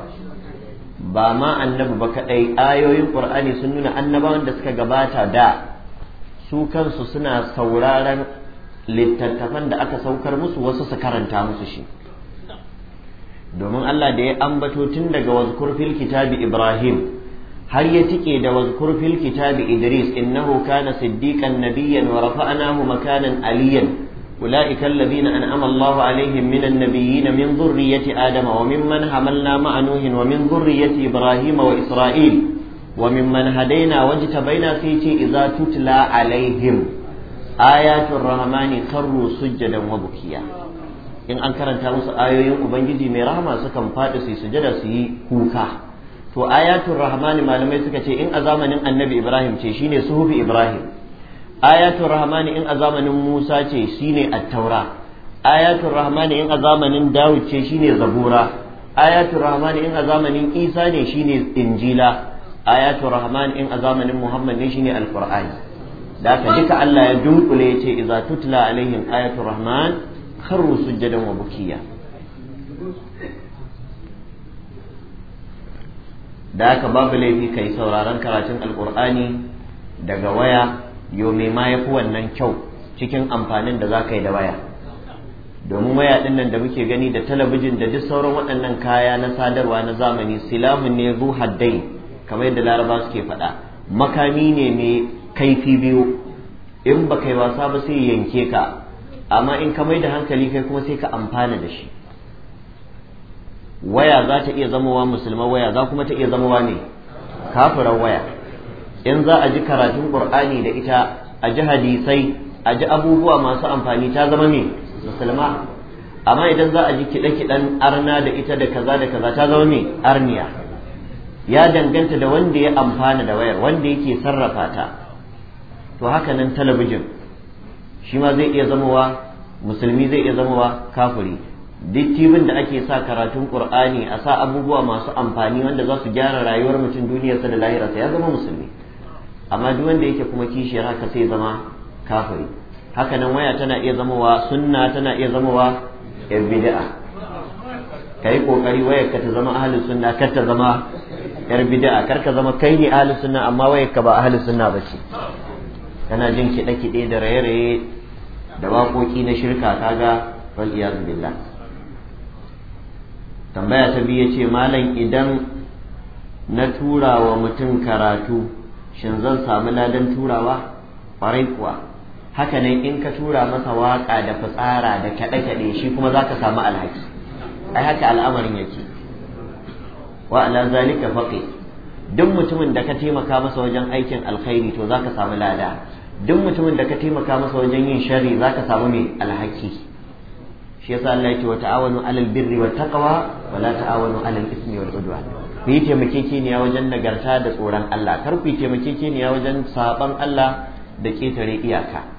ba ma annabi ba kadai ayoyin qur'ani sun nuna annabawan da suka gabata da su kansu suna sauraron littattafan da aka saukar musu wasu su karanta musu shi domin Allah da ya ambato tun daga wazkur fil kitabi Ibrahim har ya tike da wazkur fil kitabi Idris innahu kana siddiqan nabiyyan wa rafa'nahu makanan aliyan أولئك الذين أنعم الله عليهم من النبيين من ذرية آدم وممن حملنا مع نوح ومن ذرية إبراهيم وإسرائيل wa mimman hadaina wajtabaina sai ce idza tutla alaihim ayatul rahmani karru sujjadan wa bukiya in an karanta musu ayoyin ubangiji mai rahama sukan faɗi su sujada su yi kuka to ayatul rahmani malamai suka ce in a zamanin annabi ibrahim ce shine suhufi ibrahim ayatul rahmani in a zamanin musa ce shine attaura ayatul rahmani in a zamanin dawud ce shine zabura ayatul rahmani in a zamanin isa ne shine injila ayatu rahman in a zamanin muhammad ne shine alqur'ani da ka duka Allah ya dunkule yace idza tutla alaihim ayatu rahman kharru sujjadan wa bukiya da ka babu laifi kai sauraron karatun alqur'ani daga waya yo ma yafi wannan kyau cikin amfanin da za ka yi da waya domin waya din nan da muke gani da talabijin da duk sauran waɗannan kaya na sadarwa na zamani silamun ne zu haddai kamar yadda laraba suke faɗa makami ne mai kaifi biyu in ba kai wasa ba sai yanke ka amma in ka mai da hankali kai kuma sai ka amfana da shi waya za ta iya zamowa musulman waya za kuma ta iya zamowa ne kafiran waya in za a ji karatun qur'ani da ita a ji hadisai a ji abubuwa masu amfani ta zama me musulma amma idan za a ji kiɗe-kiɗen arna da ita da kaza da kaza ta zama me arniya ya danganta da wanda ya amfana da wayar wanda yake sarrafa ta to haka nan talabijin shi ma zai iya zamowa musulmi zai iya zamowa kafiri duk tibin da ake sa karatun qur'ani a sa abubuwa masu amfani wanda za su gyara rayuwar mutum duniyarsa da lahirarsa ya zama musulmi amma duk wanda yake kuma kishiyar haka sai zama kafiri haka nan waya tana iya zamowa sunna tana iya zamowa bid'a kai kokari wayar ka ta zama ahlus sunna kar ta zama yar bid'a kar ka zama kai ne ahli sunna amma waye ka ba ahli sunna bace kana jin kiɗe kiɗe da raye-raye da waƙoƙi na shirka kaga wal iyad billah tambaya ta biyu ce malam idan na tura wa mutum karatu shin zan samu ladan turawa kwarai kuwa haka nan in ka tura masa waka da fitsara da kaɗe-kaɗe shi kuma za ka samu alhaki ai haka al'amarin yake wa ala zalika faqi duk mutumin da ka taimaka masa wajen aikin alkhairi to zaka samu lada duk mutumin da ka taimaka masa wajen yin sharri zaka samu mai alhaki shi yasa Allah yake wa ta'awanu alal birri wat taqwa wa la ta'awanu alal ismi wal udwan ku yi taimakekeniya wajen nagarta da tsoron Allah kar ku yi taimakekeniya wajen saban Allah da ketare iyaka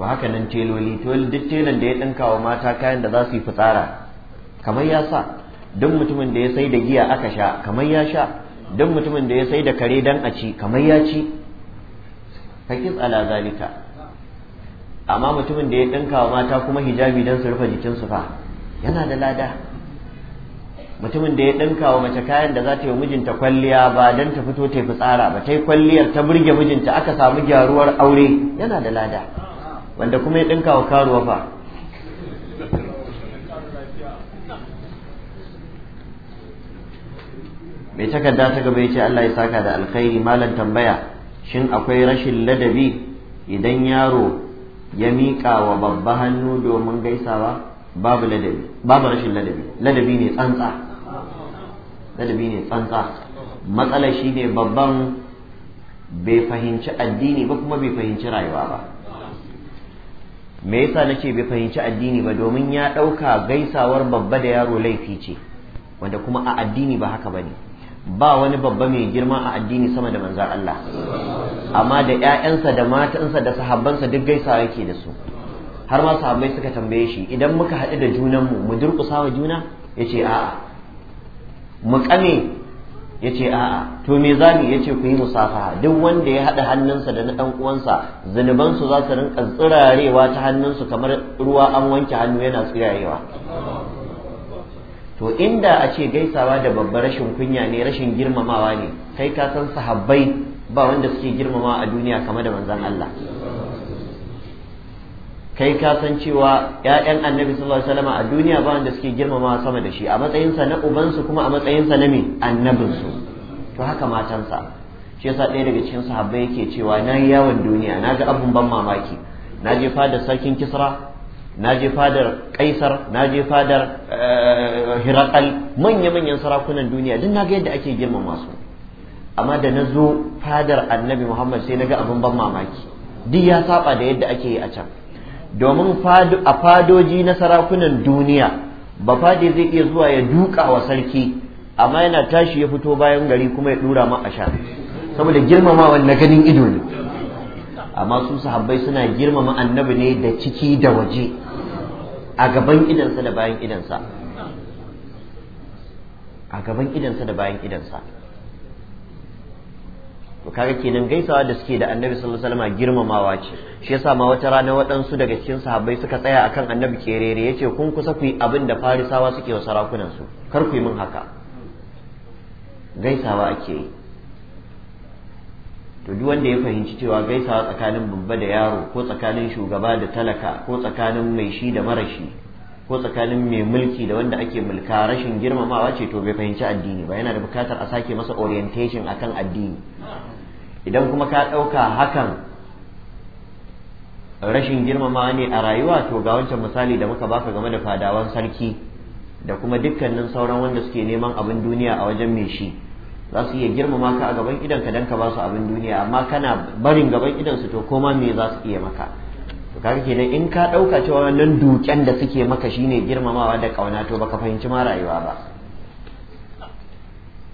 to haka nan teloli teloli duk telon da ya dinka wa mata kayan da za su yi fitsara kamar ya sa duk mutumin da ya sai da giya aka sha kamar ya sha duk mutumin da ya sai da kare dan a ci kamar ya ci hakis ala zalika amma mutumin da ya dinka wa mata kuma hijabi dan su rufe jikinsu fa yana da lada mutumin da ya ɗinka wa mace kayan da za ta yi mijinta kwalliya ba don ta fito ta yi fitsara ba ta yi kwalliyar ta burge mijinta aka samu gyaruwar aure yana da lada wanda kuma ya ɗinka wa karuwa fa mai takarda ta gaba ya ce Allah ya saka da alkhairi malam tambaya shin akwai rashin ladabi idan yaro ya miƙa wa babba hannu domin gaisawa babu rashin ladabi ladabi ne tsantsa ladabi ne tsantsa matsala shine babban bai fahimci addini ba kuma bai fahimci rayuwa ba me yasa nace bai fahimci addini ba domin ya ɗauka gaisawar babba da yaro laifi ce wanda kuma a addini ba haka bane ba wani babba mai girma a addini sama da manzan Allah amma da ƴaƴansa da matansa da sahabbansa duk gaisawa yake da su har ma sahabbai suka tambaye shi idan muka haɗu da junanmu mu durƙusa wa juna yace a'a mu kame ya ce a'a to me za mu ya ce ku yi musafaha duk wanda ya haɗa hannunsa da na ɗan uwansa zunubansu za su rinka tsirarewa ta hannunsu kamar ruwa an wanke hannu yana tsirarewa to inda a ce gaisawa da babba rashin kunya ne rashin girmamawa ne kai ka san sahabbai ba wanda suke girmamawa a duniya kamar da manzon Allah kai ka san cewa ƴaƴan annabi sallallahu alaihi wasallam a duniya ba wanda suke girmama sama da shi a matsayinsa na ubansu kuma a matsayinsa na me su. to haka matansa shi yasa ɗaya daga cikin sahabbai yake cewa na yi yawon duniya na ga abun ban mamaki na je fadar sarkin kisra na je fadar kaisar na je fadar eh, hirakal manya-manyan sarakunan duniya duk na ga yadda ake girmama su amma da na zo fadar annabi muhammad sai na ga abun ban mamaki duk ya saba da yadda ake yi a can domin a fadoji na sarakunan duniya ba fadi zai iya zuwa ya duka wa sarki amma yana tashi ya fito bayan gari kuma ya dura ma a sha saboda girmamawa na ganin ido ne amma su sahabbai suna girmama annabi ne da ciki da waje a gaban idansa da bayan idansa a gaban idansa da bayan idansa to kaga kenan gaisawa da suke da annabi sallallahu alaihi wasallam girmamawa ce shi yasa ma wata rana waɗansu daga cikin sahabbai suka tsaya akan annabi kerere yace kun kusa ku yi abin da farisawa suke wa sarakunan su kar ku yi min haka gaisawa ake yi to duk wanda ya fahimci cewa gaisawa tsakanin babba da yaro ko tsakanin shugaba da talaka ko tsakanin mai shi da marashi ko tsakanin mai mulki da wanda ake mulka rashin girmamawa ce to bai fahimci addini ba yana da bukatar a sake masa orientation akan addini idan kuma ka ɗauka hakan rashin girmama ne a rayuwa to ga wancan misali da muka baka game da fadawan sarki da kuma dukkanin sauran wanda suke neman abin duniya a wajen mai shi za su iya girmama ka a gaban idan ka dan ka ba su abin duniya amma kana barin gaban idan su to koma me za su iya maka to kaga kenan in ka ɗauka cewa wannan duken da suke maka shine girmamawa da ƙauna to baka fahimci ma rayuwa ba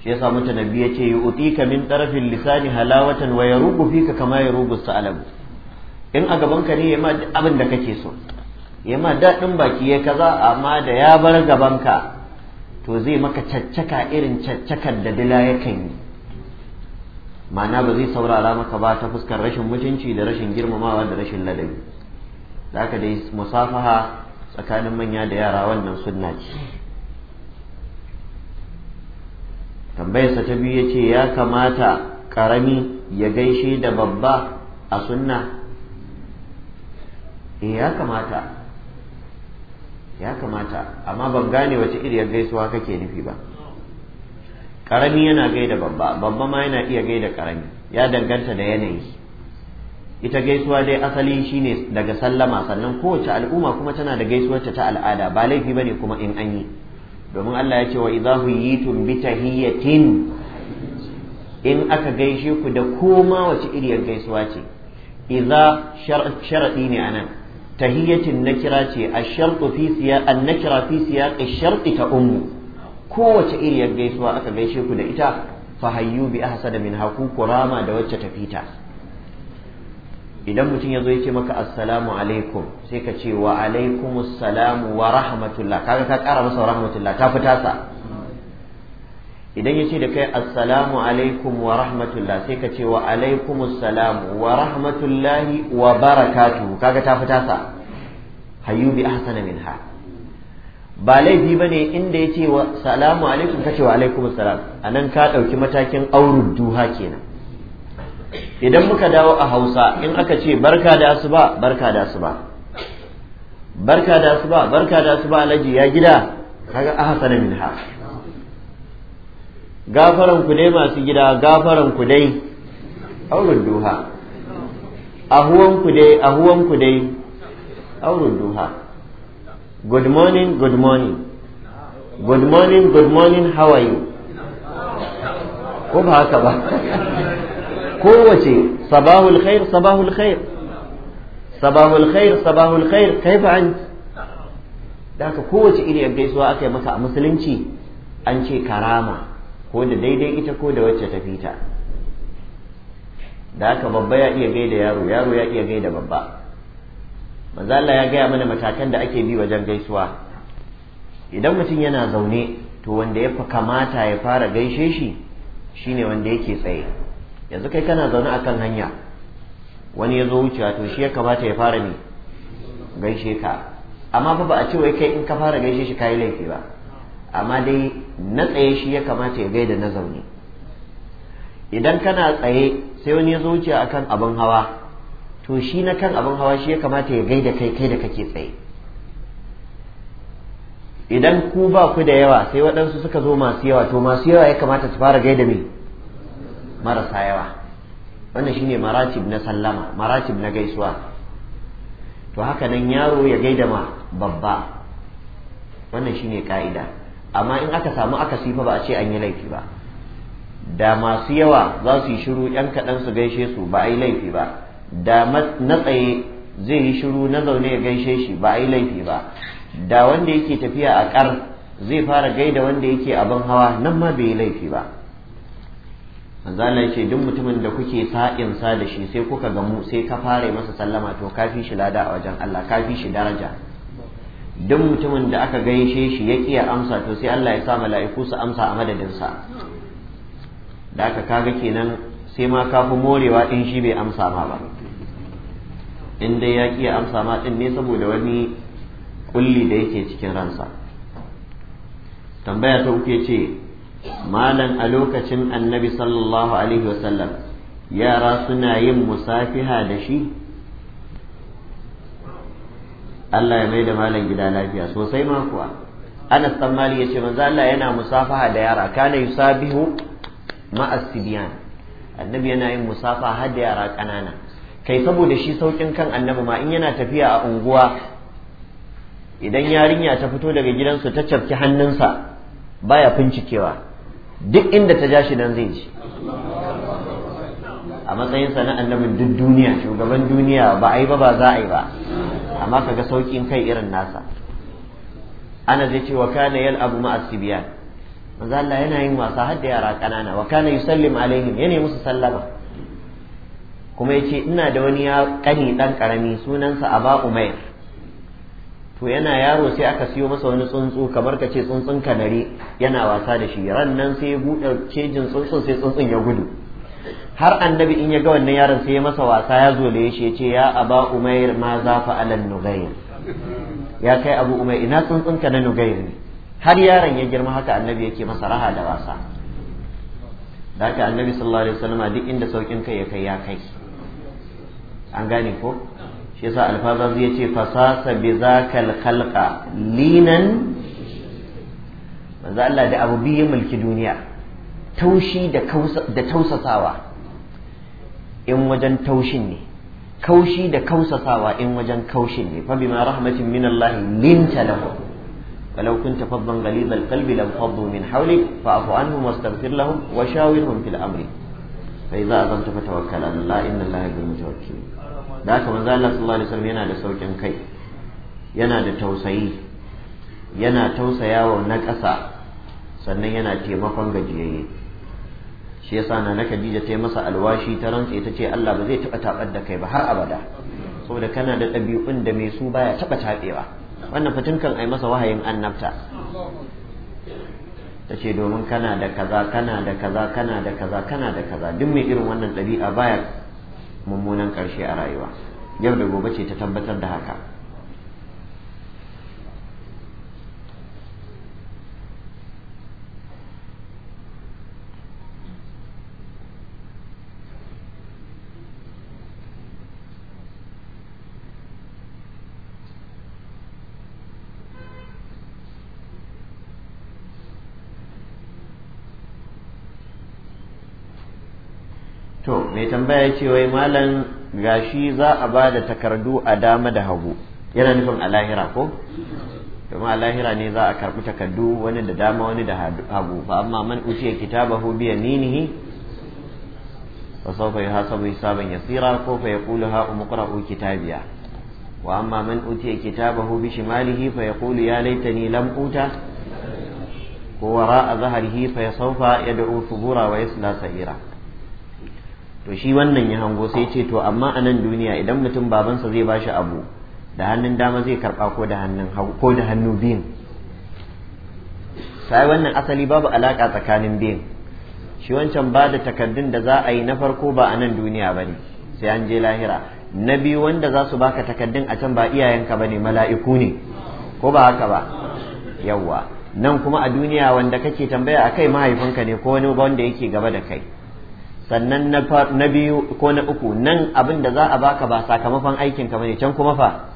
shi yasa mutanabbi yace yu'tika min tarafin lisani halawatan wa yarubu fika kama yarubu sa'alam in a gaban ka ne ma abin da kake so ma daɗin baki ya kaza amma da ya bar gaban ka to zai maka caccaka irin caccakan da dila yakan yi ma'ana ba zai saurara maka ba ta fuskar rashin mutunci da rashin girmamawa da rashin ladabi zaka ka dai musafaha tsakanin manya da yara wannan sunna ce tambayarsa ta biyu ya ce ya kamata karami ya gaishe da babba a sunna eh ya kamata ya kamata amma ban gane wace iriyar gaisuwa kake nufi ba karami yana gaida babba babba ma yana iya gaida karami ya danganta da yanayi ita gaisuwa dai asali shine daga sallama sannan kowace al'umma kuma tana da gaisuwarta ta al'ada ba laifi bane kuma in an yi domin Allah ya ce wa idza huyitum bi tahiyatin in aka gaishe ku da koma wace iriyar gaisuwa ce idza sharadi ne anan tahiyatin nakira ce ash-shartu fi siyaq an-nakira fi sharti ta ummu kowace iriyar gaisuwa aka gaishe ku da ita fa hayyu bi ahsana min haku kurama da wacce ta fita. idan mutum ya zo ya ce maka assalamu alaikum sai ka ce wa alaikum assalamu wa rahmatullah kaga ka kara masa wa rahmatullah ta fita sa idan ya ce da kai assalamu alaikum wa rahmatullah sai ka ce wa alaikum assalamu wa rahmatullahi wa barakatuhu kaga ta fita sa hayyu bi ahsana minha ba laifi bane inda ya ce wa salamu alaikum ka ce wa alaikum assalam anan ka dauki matakin aurud duha kenan idan muka dawo a hausa in aka ce barka da asuba barka da asuba barka da asuba barka da asuba alhaji ya gida kaga a ahsana minha gafaran ku dai masu gida gafaran ku dai auren duha ahuwan ku dai ahuwan ku dai auren duha good morning good morning good morning good morning how are you ko ba haka ba kowace sabahul khair sabahul khair sabahul khair sabahul khair kaifa an da ka kowace iriyar gaisuwa aka yi masa a musulunci an ce karama ko da daidai ita ko da wacce ta fita da haka babba ya iya gaida yaro yaro ya iya gaida babba Mazalla ya gaya mana matakan da ake bi wajen gaisuwa idan mutum yana zaune to wanda ya kamata ya fara gaishe shi shine wanda yake tsaye yanzu kai kana zaune a kan hanya wani ya zo wucewa to shi ya kamata ya fara ne gaishe ka amma fa ba a ce wai kai in ka fara gaishe shi kayi laifi ba amma dai na tsaye shi ya kamata ya gaida na zaune idan kana tsaye sai wani ya zo wucewa akan abin hawa to shi na kan abin hawa shi ya kamata ya gaida kai kai da kake tsaye idan ku ba ku da yawa sai waɗansu suka zo masu yawa to masu yawa ya kamata su fara gaida mai marasa yawa wannan shine maratib na sallama maratib na gaisuwa to haka nan yaro ya gaida ma babba wannan shine ka'ida amma in aka samu aka sifa ba a ce an yi laifi ba da masu yawa za su yi shiru yan kaɗan su gaishe su ba a yi laifi ba da na tsaye zai yi shiru na zaune ya gaishe shi ba a yi laifi ba da wanda yake tafiya a ƙar zai fara gaida wanda yake abin hawa nan ma bai yi laifi ba manzala ya ce duk mutumin da kuke sa'in sa da shi sai kuka gamu sai ka fara masa sallama to kafi shi lada a wajen Allah kafi shi daraja duk mutumin da aka gaishe shi ya kiya amsa to sai Allah ya sa mala'iku su amsa a madadin sa da aka kaga kenan sai ma kafi morewa in shi bai amsa ma ba in dai ya kiya amsa ma din ne saboda wani kulli da yake cikin ransa tambaya ta uku ce malam a lokacin annabi sallallahu alaihi wasallam yara suna yin musafiha da shi Allah ya mai da malam gida lafiya sosai ma kuwa ana dan yace manzo Allah yana musafaha da yara kana yusabihu ma'as sibyan annabi yana yin musafaha da yara kanana kai saboda shi saukin kan annabi ma in yana tafiya a unguwa idan yarinya ta fito daga gidansu ta cafki hannunsa baya fincikewa duk inda ta ja shi nan zai ji a matsayin sana annabin duk duniya shugaban duniya ba a yi ba ba za a yi ba amma kaga saukin kai irin nasa ana zai ce wa kana yal abu ma'a sibiyan manzo Allah yana yin wasa har da yara kanana wa kana yusallim alaihim yana musu sallama kuma yace ina da wani ya kani dan karami sunansa Aba Umair to yana yaro sai aka siyo masa wani tsuntsu kamar ka ce tsuntsun kanare yana wasa da shi ran nan sai ya buɗe cejin tsuntsun sai tsuntsun ya gudu har annabi in ya ga wannan yaron sai ya masa wasa ya da shi ya ce ya aba umair ma za fa alan nugayr ya kai abu umair ina tsuntsun ka na nugayr ne har yaron ya girma haka annabi yake masa raha da wasa da haka annabi sallallahu alaihi wasallam duk inda saukin kai ya kai ya kai an gane ko shi yasa alfazazi ya ce fasasa bi za khalqa linan manzo Allah da abu biyu mulki duniya taushi da tausasawa in wajen taushin ne kaushi da kausasawa in wajen kaushin ne fa bima rahmatin min Allah linta lahum ولو كنت فظا غليظ القلب لانفضوا من حولك فاعف عنهم واستغفر لهم وشاورهم في الامر فاذا اذنت فتوكل على الله ان الله يجزي المتوكلين da haka manzo Allah sallallahu alaihi wasallam yana da saukin kai yana da tausayi yana tausayawa na ƙasa sannan yana taimakon gajiyayye shi yasa na Khadija ta yi masa alwashi ta rantsa ta ce Allah ba zai taɓa tabar da kai ba har abada saboda kana da ɗabi'un da mai su baya taɓa taɓewa wannan fatunkan ai masa wahayin annabta ta ce domin kana da kaza kana da kaza kana da kaza kana da kaza duk mai irin wannan ɗabi'a baya mummunan ƙarshe a rayuwa yau da gobe ce ta tabbatar da haka mai tambaya ya ce wai malam gashi za a ba da takardu a dama da hagu yana nufin a lahira ko domin a lahira ne za a karɓi takardu wani da dama wani da hagu fa amma man utiya kitabahu bi yaminihi fa sawfa yuhasabu hisaban yasira ko fa yaqulu ha umqra'u kitabiya wa amma man utiya kitabahu bi shimalihi fa yaqulu ya laitani lam uta ko wara'a zahrihi fa sawfa yad'u subura wa yasla sa'ira to shi wannan ya hango sai ce to amma a nan duniya idan mutum babansa zai bashi abu da hannun dama zai karba ko da hannun ko da hannu biyun sai wannan asali babu alaka tsakanin biyun shi wancan ba da takardun da za a yi na farko ba a nan duniya bane sai an je lahira na biyu wanda za su baka takardun a can ba iyayenka bane mala'iku ne ko ba haka ba yawwa nan kuma a duniya wanda kake tambaya a kai mahaifinka ne ko wani wanda yake gaba da kai sannan na biyu ko na uku nan abin da za a baka ba sakamakon aikin ka bane can kuma fa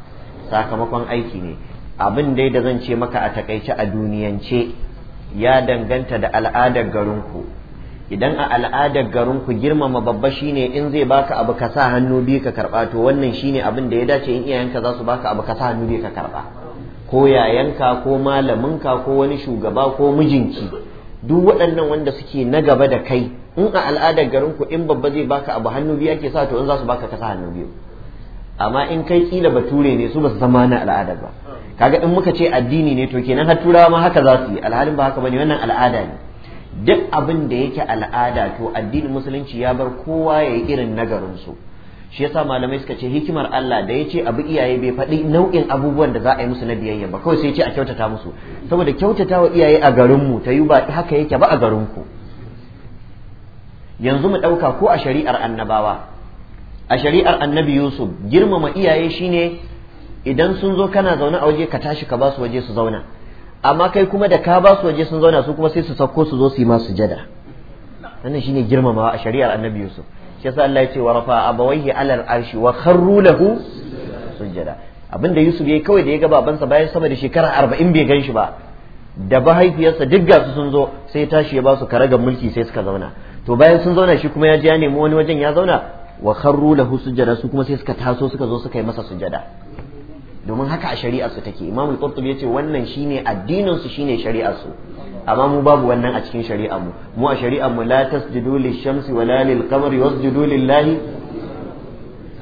sakamakon aiki ne abin dai da zan ce maka a takaice a duniyance ya danganta da al'adar garinku idan a al'adar garinku girmama babba shine in zai baka abu ka sa hannu biyu ka karba to wannan shine abin da ya dace in iyayenka za su baka abu ka sa hannu biyu ka karba ko yayanka ko malaminka ko wani shugaba ko mijinki duk waɗannan wanda suke na gaba da kai in a al'adar garin ku in babba zai baka abu hannu biyu ake sa to in za su baka kasa hannu biyu amma in kai kila bature ne su ba su zama na al'adar ba kaga in muka ce addini ne to kenan har turawa ma haka za su yi alhalin ba haka bane wannan al'ada ne duk abin da yake al'ada to addinin musulunci ya bar kowa ya yi irin nagarin su shi yasa malamai suka ce hikimar Allah da ya ce abu iyaye bai faɗi nau'in abubuwan da za a yi musu na biyayya ba kawai sai ya ce a kyautata musu saboda kyautata wa iyaye a garinmu ta yi ba haka yake ba a garin ku yanzu mu ɗauka ko a shari'ar annabawa a shari'ar annabi yusuf girmama iyaye shine idan sun zo kana zaune a waje ka tashi ka ba su waje su zauna amma kai kuma da ka ba su waje sun zauna su kuma sai su sauko su zo su yi ma sujada wannan shine girmamawa a shari'ar annabi yusuf shi yasa Allah ya ce wa rafa abawaihi alal arshi wa kharru lahu sujada abinda yusuf yayi kawai da ya ga babansa bayan sama da shekara arba'in bai ganshi ba da bahaifiyarsa duk ga su sun zo sai tashi ya ba su karagar mulki sai suka zauna to bayan sun zauna shi kuma ya je ya nemi wani wajen ya zauna wa kharru lahu sujada su kuma sai suka taso suka zo suka yi masa sujada domin haka a shari'a su take Imam imamul qurtubi yace wannan shine addinin su shine shari'a su amma mu babu wannan a cikin shari'a mu mu a shari'a mu la tasjudu lish-shamsi wala lil-qamari wasjudu lillahi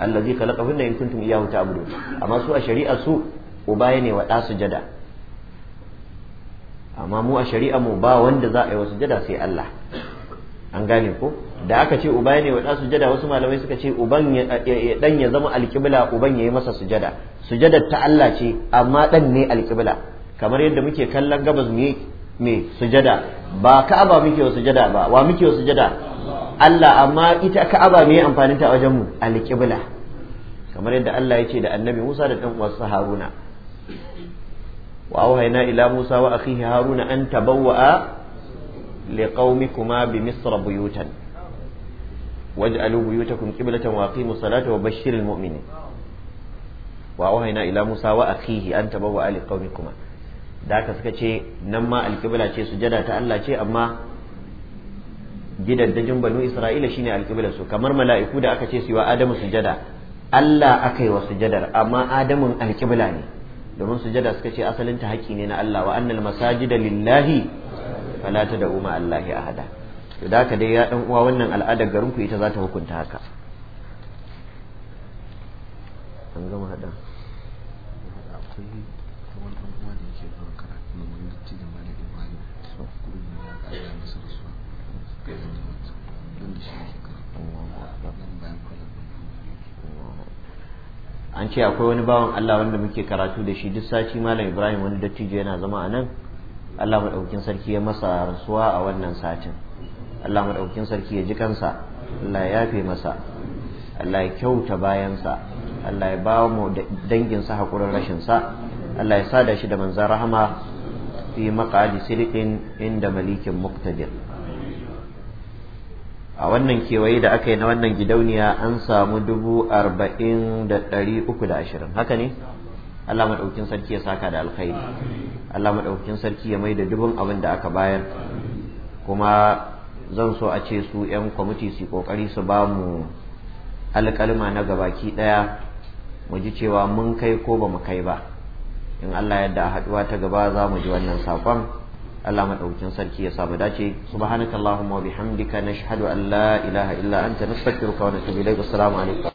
allazi khalaqahunna in kuntum iyyahu ta'budun amma su a shari'a su uba ne wa da sujada amma mu a shari'a mu ba wanda za a yi wa sujada sai Allah an gane ko da aka ce uba ne wa sujada wasu malamai suka ce uban dan ya zama alƙibla uban ya yi masa sujada sujadar ta Allah ce amma dan ne alƙibla kamar yadda muke kallon gabas ne me sujada ba ka'aba muke wa sujada ba wa muke wa sujada Allah amma ita ka'aba me amfanin ta wajen mu alƙibla kamar yadda Allah ya ce da annabi Musa da dan uwarsa Haruna wa auhayna ila Musa wa akhihi Haruna an tabawwa liqaumikuma bi misra buyutan waj'alu buyutakum qiblatan wa aqimu salata wa bashshiril mu'minin wa wahayna ila musa wa akhihi an tabawwa ali qaumikuma da haka suka ce nan ma alqibla ce sujada ta Allah ce amma gidaddajin banu isra'ila shine alqibla su kamar mala'iku da aka ce su wa adamu sujada Allah aka yi wa sujadar amma adamun alqibla ne domin sujada suka ce asalin ta haƙi ne na Allah wa masaji da lillahi fala ta da'u ma Allahi ahada to da ka dai ya dan uwa wannan al'adar garin ku ita za ta hukunta haka an gama hada an ce akwai wani bawan Allah wanda muke karatu da shi duk sati malam Ibrahim wani dattijo yana zama a nan Allah maɗaukin sarki ya masa rasuwa a wannan satin Allah maɗaukin sarki ya ji kansa Allah ya yafe masa Allah ya kyauta bayansa Allah ya ba mu danginsa haƙurin rashinsa Allah ya sa da shi da manzan rahama fi maƙali sirikin inda malikin muktadir a wannan kewaye da aka yi na wannan gidauniya an samu dubu arba'in da ɗari uku da ashirin haka ne? Allah madaukin sarki ya saka da alkhairi Allah madaukin sarki ya mai da dubin abin da aka bayar kuma zan so a ce su 'yan kwamiti su kokari su ba mu alƙalma na gabaki ɗaya mu ji cewa mun kai ko ba mu kai ba in Allah yadda a haɗuwa ta gaba za mu ji wannan sakon Allah madaukin sarki ya samu dace subhanakallahumma wa bihamdika nashhadu an la ilaha illa anta nastaghfiruka wa natubu ilayk assalamu alaikum